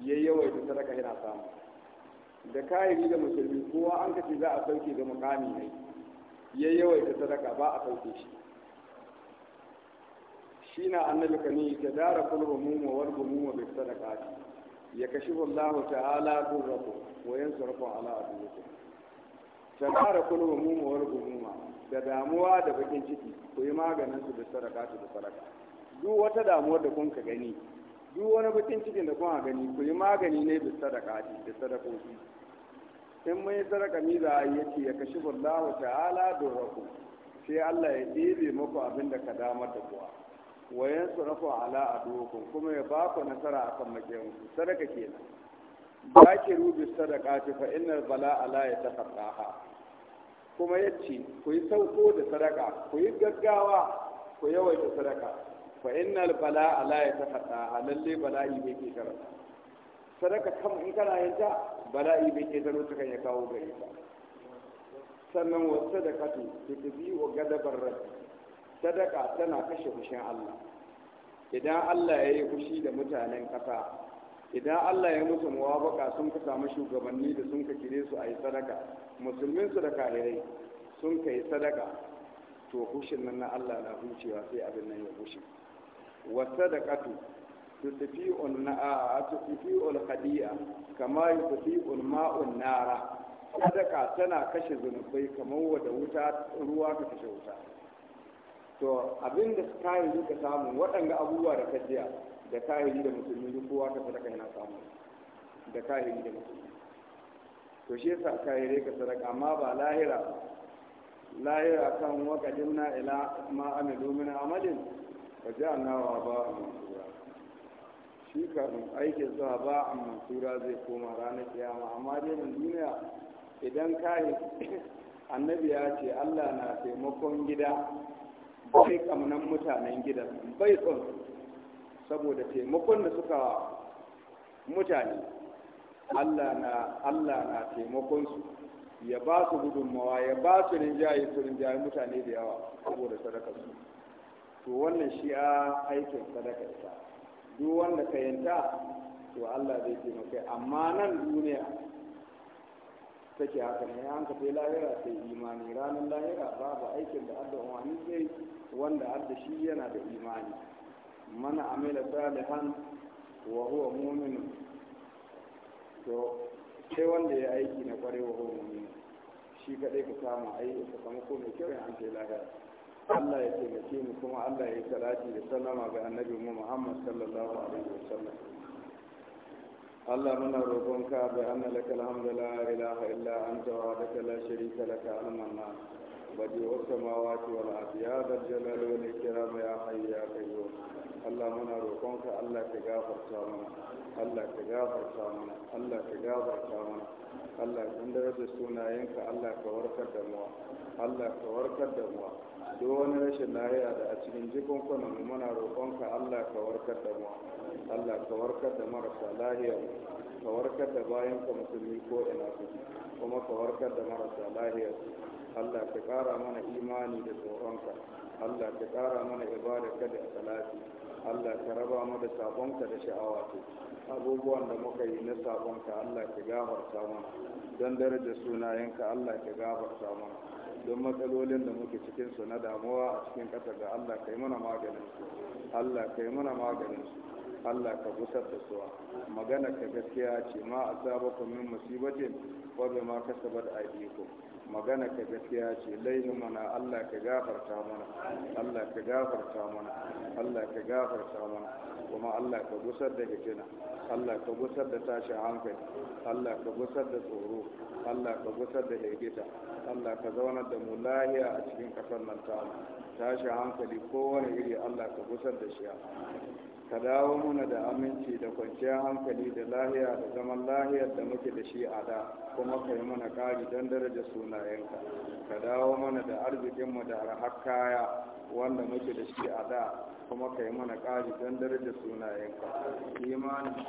yayi yawaita sadaka yana samu da kayiri da musulmi kowa an kace za a sauke da mukami ne yayi yawaita sadaka ba a sauke shi na annabi kani tadara kullu humuma wal humuma bis sadaqati ya kashi wallahu ta'ala durraku wa yansurku ala aduwikum tadara kullu humuma wa rumuma da damuwa da bakin ciki ku yi maganin su da sadaka su da sadaka duk wata damuwar da kun ka gani duk wani bakin ciki da kun gani ku yi magani ne da sadaka da sadakoki in mun yi sadaka mi za a yi yace ya kashi wallahu ta'ala durraku sai Allah ya ɗebe muku abin da ka damar da kuwa wayan su rafa ala a dokun kuma ya ba ku nasara a kan makiyanku sadaka kenan ba ki rubi sadaka ta fa innar bala ala ya tafaqaha kuma yace ku yi sauko da sadaka ku yi gaggawa ku yawaita sadaka fa innal bala ala ya tafaqaha lalle bala'i bai ke karanta sadaka kam in kana yin ta bala'i bai ke taro ta ya kawo gari ta sannan wasu sadaka ta tafi wa gadabar rabbi sadaka tana kashe fushin Allah idan Allah ya yi fushi da mutanen ƙasa idan Allah ya musu muwafaka sun ka samu shugabanni da sun ka kire su a yi sadaka musulmin su da kahirai sun ka yi sadaka to fushin nan na Allah na hucewa sai abin nan ya fushi wa sadaqatu tutfi'un na'a tutfi'ul khadi'a kama yutfi'ul ma'un nara sadaka tana kashe zunubai kamar wada wuta ruwa ka kashe wuta to abin da yi duka samu waɗanda abubuwa da ka jiya da ka yi da musulmi duk kowa ka sadaka yana samu da ka yi da musulmi to shi yasa ka yi ka sadaka amma ba lahira lahira kan wakadin na ila ma amilu min amalin wa ja'alna wa ba mansura shi kan aikin sa ba a mansura zai koma ranar kiyama amma dai mun duniya idan kahiri [COUGHS] annabi ya ce Allah na taimakon gida sai kamunan mutanen gidan bai son saboda taimakon da suka mutane Allah na taimakon su ya ba su gudunmawa ya ba su rinjaye su rinjaye mutane da yawa saboda sadakar su to wannan shi a aikin sadakar sa duk wanda ka yanta to Allah zai taimaka amma nan duniya take haka ne an ka sai lahira sai imani ranar lahira babu aikin da Allah wani zai wanda adda shi yana da imani mana amila salihan wa huwa mu'min to sai wanda ya aiki na kware wa huwa mu'min shi kadai ka samu aiki ka samu ko mai kyau ya an sai lahira Allah ya taimake mu kuma Allah ya yi salati da sallama ga annabi mu Muhammad sallallahu alaihi wa sallam. wasallam اللهم نرجوك بأن لك الحمد لا إله إلا أنت وحدك لا شريك لك المنان Baje السماوات والارض kira ذا ya والاكرام ya حي يا قيوم اللهم انا روقك الله تغفر سامنا الله تغفر سامنا الله تغفر سامنا الله عندك سناينك الله كوركر دموا Allah ka warkar da mu duk wani rashin lahiya da a cikin jikunkunan mu muna roƙonka Allah ka warkar da mu Allah ka warkar da marasa lahiya ka warkar da bayan ka musulmi ko ina kuma ka warkar da marasa lahiya Allah ka ƙara mana imani da tsoronka Allah ka ƙara mana ibadarka da salati Allah ka raba mu da sabonka da sha'awa abubuwan da muka yi na sabonka Allah ka gafarta mana don daraja sunayenka Allah ka gafarta mana don matsalolin da muke cikin su na damuwa a cikin ƙasa ga Allah ka yi mana maganinsu. Allah ka yi mana maganin Allah ka gusar da suwa magana ka gaskiya ce ma a asabakum min musibatin wa bima a iko. magana ka gaskiya ce laihin mana Allah ka gafarta mana Allah ka gafarta mana Allah ka gafarta mana kuma Allah ka gusar da fitina Allah ka gusar da tashin hankali Allah ka gusar da tsoro Allah ka gusar da hirgita Allah ka zaunar da mu lahiya a cikin kasar nan ta tashin hankali kowane iri Allah ka gusar da shi ka dawo mana da aminci da kwanciyar hankali da lahiya da zaman lahiyar da muke da shi a da kuma ka yi mana ƙari don daraja sunayenka ka dawo mana da arzikinmu da arhar kaya wanda muke da shi a da kuma ka yi mana ƙari don daraja sunayenka imanin